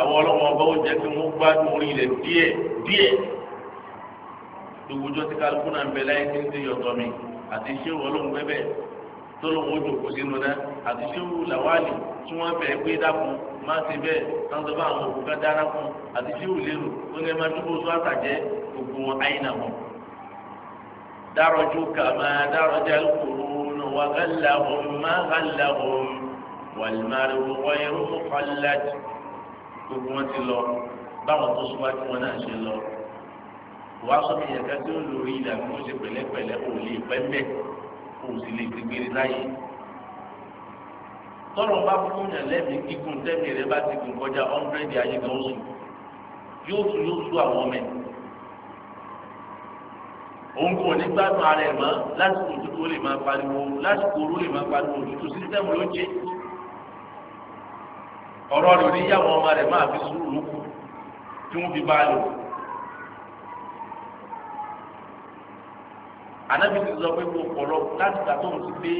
àwọn ọlọ́wọ́n bá jẹ́ kí wọ́n gbádùn orí rẹ̀ díẹ̀ díẹ̀ àti ṣéwù ọlọ́run bẹ́bẹ̀ tó lóun ó jòkó sínú náà àti ṣéwù làwálì tí wọ́n bẹ̀ pé dákun má ti bẹ́ẹ̀ sáńtọ́ bá àwọn òkú ká dára fún àti ṣéwù lérò ó ní ẹ máa dúró sọ àtàjẹ́ gbogbo wọn àyínà wọn. dárọjú kàmá dárọjà kúrúnù wà gàlàhùn má gàlàhùn wàlmárì wọ́yẹ̀rù mọ́kànlá gbogbo wọn ti lọ báwọn tó súnmọ́ wọn náà ṣe lọ wà á sọ fún yẹn kẹsí ó lórí ilẹ̀ àbí wọ́n ṣe pẹ̀lẹ́pẹ̀lẹ́ ò lè pẹ́ mẹ́ kò sì lè ti gbére láyé. tọrọ bá fún yàn lẹ́mìí gígùn tẹ́mi rẹ bá ti gùn kọjá ọ́ndrẹ́dì ayé kan sùn yóò sùn yóò sùn àwọn ọmọ ẹ̀. òun kò ní gbádùn ara ẹ̀ mọ́ lásìkò òtútù ó lè máa pariwo lásìkò oró lè máa pariwo òtútù sísẹ́mù ló jẹ́ ọ̀rọ̀ rẹ̀ oníyàwó ọmọ rẹ̀ máa fi sùúrù lókù tí wọ́n fi bá a lò. ànábi ti sọ pé mo pọ̀ lọ láti gbà tó ń ti pé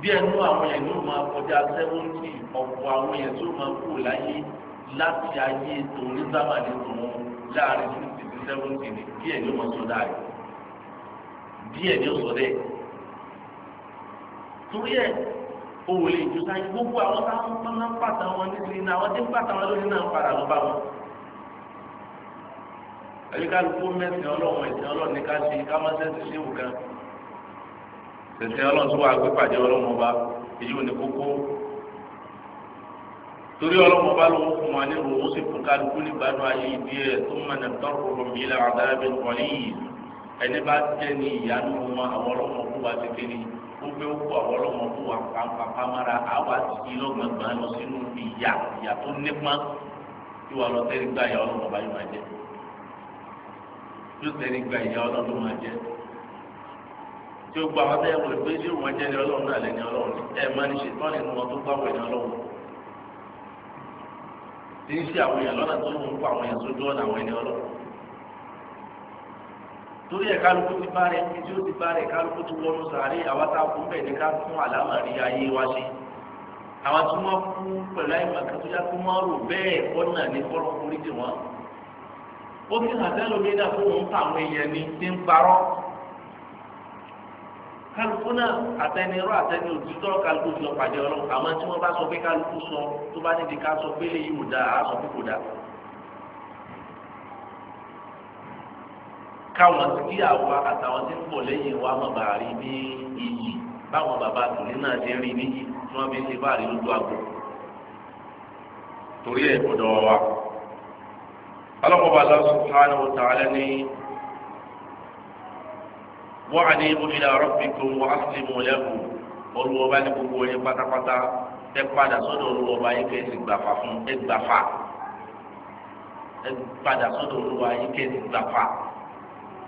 bí ẹnu àwọn yẹn ló máa kọjá sẹ́wọ́ntì ọ̀pọ̀ àwọn yẹn tó máa kú láyé láti ayé tòun sábà ní tòun láàrin fifty to seventy ni díẹ̀ ni ó máa sọ dáre díẹ̀ ni ó sọ dẹ́ torí ẹ̀ o ò lè jù sáyé gbogbo àwọn táwọn máa ń pàtàwọn nítorí náà àwọn tí ń pàtàwọn lórí náà ń padà lọ bá wọn oníkálukú mẹ́sìn ọlọ́run ẹ̀sìn ọlọ́run ní ká ṣe ká má sẹ́sì léwu kan ṣẹ̀sìn ọlọ́run tó wà gbé pàdé ọlọ́run ọba èyí ò ní kókó torí ọlọ́run ọba ló fún wa ní òun ó sì fún kálukú nígbàdùn ayé ìdí ẹ̀ tó mọ̀ ní tọ́kùrọ̀ mi ilẹ̀ àdáyébẹ̀ kọ́lé yìí ẹni bá jẹ́ ní ìyanu wọn àwọn ọlọ́run ọkú wa ti kéde ó gbé ó àwọn ọlọ́run ọkú wa pàpàpàmára àwa ti yí lọ́gbọ̀ngbọ̀n lọ sínú ìyà ìyà tó nípa tí lọ tẹ́lẹ̀ gbá ìyá ọlọ́run ọba yìí máa yóò tẹ̀lé gba ìyá ọlọ́run máa jẹ́ tí ó gba àwọn tẹ́lẹ̀ wọlé pé ṣé wọ́n jẹ́ ní ọlọ́run náà lẹ́ni ọlọ́run ní ẹ̀ máa ní ṣe tán nínú tó gbàwọ̀ ní ọlọ́run tí ń ṣe àwọn èèyàn lọ́nà tó ń kó àwọn èèyàn sójú ọ̀nà àwọn ẹni ọlọ́run torí ẹ̀ kálukú ti bá rẹ̀ tí ó ti bá rẹ̀ kálukú ti wọnú sàárè àwa tá a kú bẹ̀ ní ká fún àlámàrí ayé wa ṣe àwọn tí wọ́n kú pẹ̀lú àìmọ̀kan tó wọ́n rò bẹ́ẹ̀ ọ̀nà ní fọ́lọ́kùnrin ó fi hàn sẹ́lómi náà fún òun táwọn èèyàn ní ti ń parọ́ kálukú náà àtẹnirọ́ àtẹni òtítọ́ kálukú ti lọ pàdé ọlọ́run àmọ́ tí wọ́n bá sọ pé kálukú sọ tó bá nídìí ká sọ pé léyìí ò dáa á sọ pé kò dáa. káwọn tí àwa àtàwọn tí ń bọ̀ lẹ́yìn wa mọ̀ bá rí ní iyì báwọn bàbá tòlí náà ti rí níyì tí wọ́n fi ń ṣe báàrí lójú àgbo torí ẹ̀ gbọ́dọ̀ wa ọlọ́pọ̀bà Allah subhanahu wa ta'ala ní wọ́n á ní ibú ila rabbikum wa aslimu lahu olùwọ́ba ní gbogbo yẹn pátápátá ẹ padà sọ́dọ̀ olùwọ́ba yìí kẹ́ ẹ sì gbàfà fún ẹ gbàfà ẹ padà sọ́dọ̀ olùwọ́ba yìí kẹ́ ẹ sì gbàfà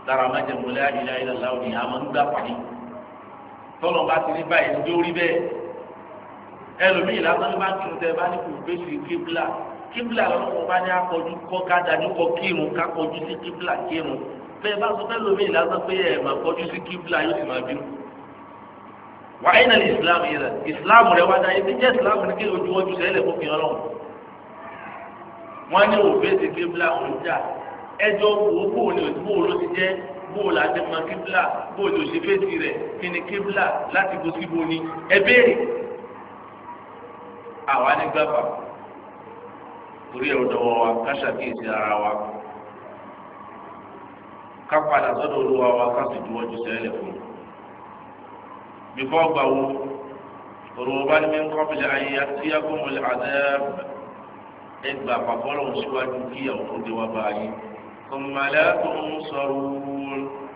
lára májèmú la ilaha illallah ni a máa ń pàdé tọ́lọ̀ bá ti ní báyìí ní orí bẹ́ẹ̀ ẹlòmíì lásán bá kí kíbla lọ́wọ́ bá ní akọjú kọ́ kájà ní kọ́ kírun kakọjú sí kíbla kírun bẹ́ẹ̀ bá sọ fẹ́ lómi ìlànà pé ẹ̀ máa kọjú sí kíbla yóò sì máa bínú. wà á yìnbọn islam yìí rẹ islam rẹ wájà yìí jẹ́ islam ní kí ojú wọn ju sẹ́lẹ̀ kó fi hàn lọ́wọ́. wọ́n ní òfin ti kíbla òun jà ẹjọ́ wo bóò ni òtún bóò ló ti jẹ́ bóò la ti mọ kíbla bóò ló ṣe fèsì rẹ̀ kí ni kíbla láti bó síbo ni ẹ béèrè àwa ní gbàgbà torí ẹ̀rọ dọ̀wọ́ wa ká ṣàkíyèsí ara wa ká padà sọ́dọ̀ olúwa wa ká sì juwọ́ ju sẹ́lẹ̀ fún un. bífọ́ gbà wo òrùn bá ní mímú kọ́bìlì ayé àti agbóhùnlé àdẹ́ẹ̀bẹ̀ ẹgbà àpapọ̀ lọ́wọ́ síwájú kí àwọn òde wa bá yé. kọ̀mọ̀lẹ́ tó ń sọ̀rọ̀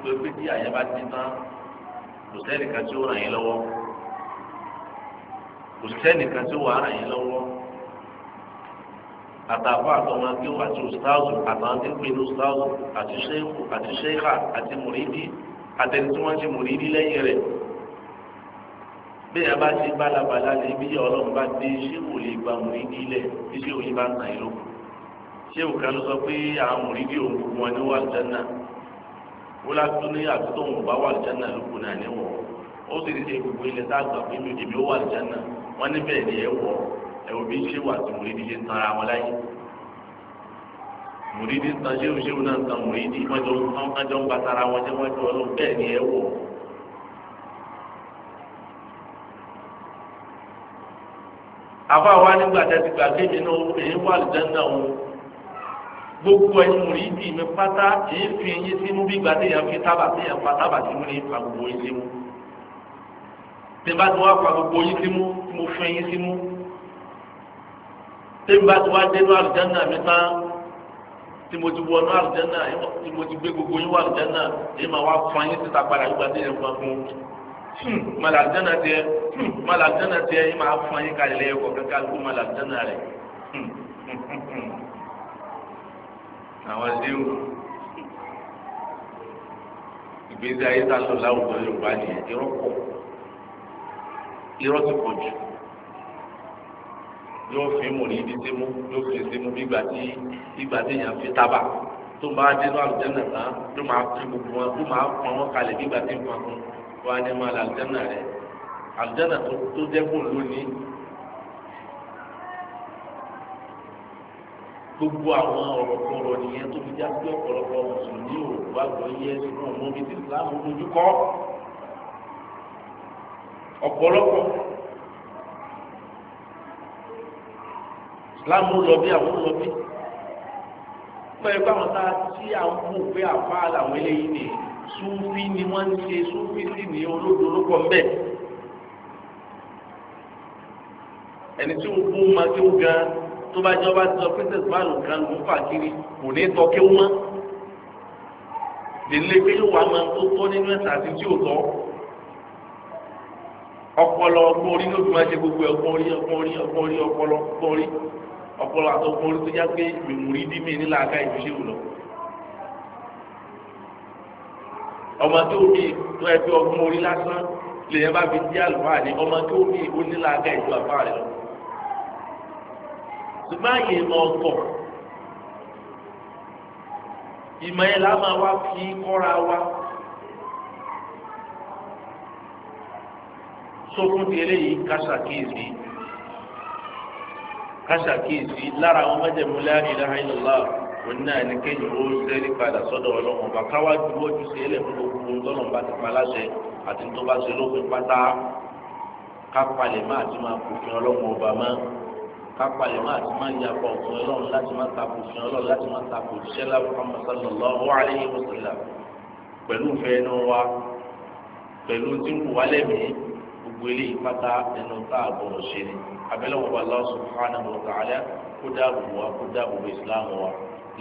pé pé tí àyè bá ti tán kò sẹ́nìkan tí ó ràn yín lọ́wọ́ kò sẹ́nìkan tí ó wà ràn yín lọ́wọ́ àtàwọn àtọmọ akéwò àti ọstáàzù àtàwọn tí ń pè ní ọstáàzù àti ṣéèkù àti ṣéèkà àti mùrídì àtẹni tí wọn ti mùrídì lẹ́yìn rẹ̀ bẹ́ẹ̀ bá ṣe bálabàlá lè bí ọlọ́run bá dé ṣéèkù lè gba mùrídì lẹ̀ tí ṣéèkù yìí bá ń tàn yìí lóko ṣéèkù kan ló sọ pé àwọn mùrídì òun gbogbo wọn ní wà lùjánà wọn látú ní àtúntò òun bá wà lùjánà lóko ẹ̀wọ̀n bí ń ṣe wà tí mùrídìí ṣe ń tan ara wọn láyé mùrídìí ń tan ṣéwù ṣéwù náà ń tan mùrídìí mọ́jọ́ mọ́jọ́ ń bàtà ara wọn jẹ́ wọ́n ju ọlọ́run bẹ́ẹ̀ ni ẹ wọ̀. àfa wa nígbà tẹ́ ti gbà kémi náà èyí wà lùdánná òun gbogbo ẹ̀yin mùrídìí mi pátá èyí fi eyín sínú bí gbà téèyàn fi tábà téèyàn pa tábà sínú ní ìfà gbogbo yín símú tí bá ti wá pa gbogbo yín símú tí mo fún eyín símú tẹ́mi bá ti wá dénú àlùjánnà mi tán tí mo ti wọnú àlùjánnà tí mo ti gbé gbogbo yín wọ àlùjánnà èyí máa wá fún yín síta padà yípa tí yẹn fún un hmm, mala àlùjánnà tiẹ̀ mala hmm, àlùjánnà tiẹ̀ èyí máa fún yín kalẹ̀ lẹ́yìn kọ̀ọ̀kan kálukú mala àlùjánnà rẹ̀ hmm, àwọn ṣéwù ìgbésí ayé tá a lò láwùjọ Yorùbá nìyẹn irọ́ pọ̀ irọ́ ti pọ̀ jù yóò fi mòrí ibi tí mú yóò fi sí mú bígbà tí bígbà tí èèyàn fi tábà tó máa dénú àlùjáná tán tó máa fi gbogbo wọn tó máa pọn wọn kalẹ̀ bígbà tí ń pọn fún wọn á ní máa la àlùjáná rẹ àlùjáná tó dẹ́kun lónìí gbogbo àwọn ọ̀rọ̀kọ̀rọ̀ nìyẹn tó fi jáde ọ̀pọ̀lọpọ̀ mùsùlùmí ò wá gbọ́ yẹ ṣùgbọ́n ọmọ bíi ti ìsìlámù ọ̀pọ̀lọpọ̀ láàmú lọ bí àwọn lọ bí pẹ̀lú pé àwọn tá a ti àwọn mú àfa làwọn eléyìí ni súfì ni wọ́n ń ṣe súfì sì ní olódò olóko ń bẹ̀. ẹni tí wọ́n kún ma kí wọ́n gan tó bá jẹ́ ọba ti sọ pé tẹ̀síwájú kan ló ń fà kiri kò ní tọ́ kí wọ́n mọ́ lèlé pé yóò wá máa tó tọ́ nínú ẹ̀sà àti tí ò tọ́ ọpọlọ ọgbọ́n orí ló fi máa ṣe gbogbo ẹ̀gbọ́n orí ọgbọ́n orí ọgbọ́n orí ọpọlọ ọgbọ́n orí ọpọlọ àti ọmọ orí tó já pé mèmúrí dí mi nílà àga ìbíṣẹ́ wù lọ. ọmọ tó mi tó ẹ fi ọgbọ́n orí lásán lèyìn bá fi dí àlùfáà ní ọmọ tó mi ó nílà àga ìjọ àfáà rẹ lọ. ṣùgbọ́n àyè ọ̀tọ̀ ìmọ̀ yẹn la máa wá fi kọ́ra wa. sókún eléyìí kásà kéèsì káṣàkíyèsí lára àwọn májẹ̀mú la ilaha illallah wọn náà ní kéjì ó sẹ́rí padà sọ́dọ̀ ọlọ́run ọba káwá ju ojú sí ilẹ̀ fún gbogbo ńlọ́run bá ti paláṣẹ àti tó bá ṣe lófin pátá kápalẹ̀ máa ti máa kòfin ọlọ́run ọba mọ́ kápalẹ̀ máa ti máa ya pọ̀ òfin ọlọ́run láti máa ta kòfin ọlọ́run láti máa ta kòfin Muhammad sallallahu alaihi wasallam pẹ̀lú wele eléyìí ɛnu ẹnu tá a gbọ́dọ̀ ṣe ni abẹ́lẹ́ wọn bá Allah subhanahu wa ta'ala kó dáàbò wa kó dáàbò bó silam wa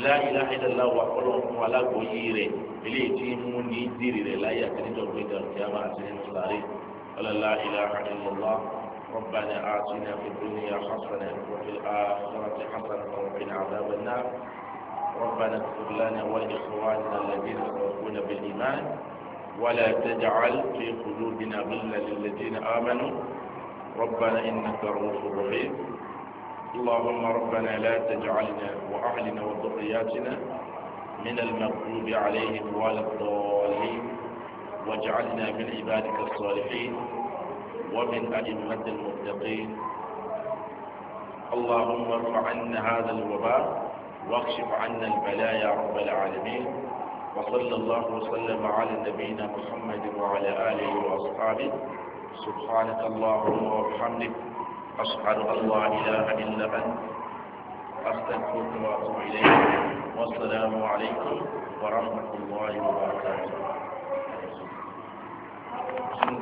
la ilaha la wa kɔlɔn kọlọ́n fún alágbóyè rẹ̀ eléyìí tí mú ní dìrì rɛ rẹ̀ láyé àti níjọ́ pé dàrúkẹ́ àmà àti ni nínú wala la ilaha illallah ربنا آتنا في الدنيا حسنة وفي الآخرة حسنة وقنا عذاب النار ربنا اغفر لنا ولإخواننا الذين سبقونا بالإيمان ولا تجعل في قلوبنا غلا للذين آمنوا ربنا إنك رؤوف رحيم اللهم ربنا لا تجعلنا وأهلنا وذرياتنا من المغلوب عليهم ولا الضالين واجعلنا من عبادك الصالحين ومن أئمة المتقين اللهم ارفع عنا هذا الوباء واكشف عنا البلايا يا رب العالمين وصلى الله وسلم على نبينا محمد وعلى آله وأصحابه سبحانك اللهم وبحمدك أشهد أن لا إله إلا أنت أستغفرك وأتوب إليك والسلام عليكم ورحمة الله وبركاته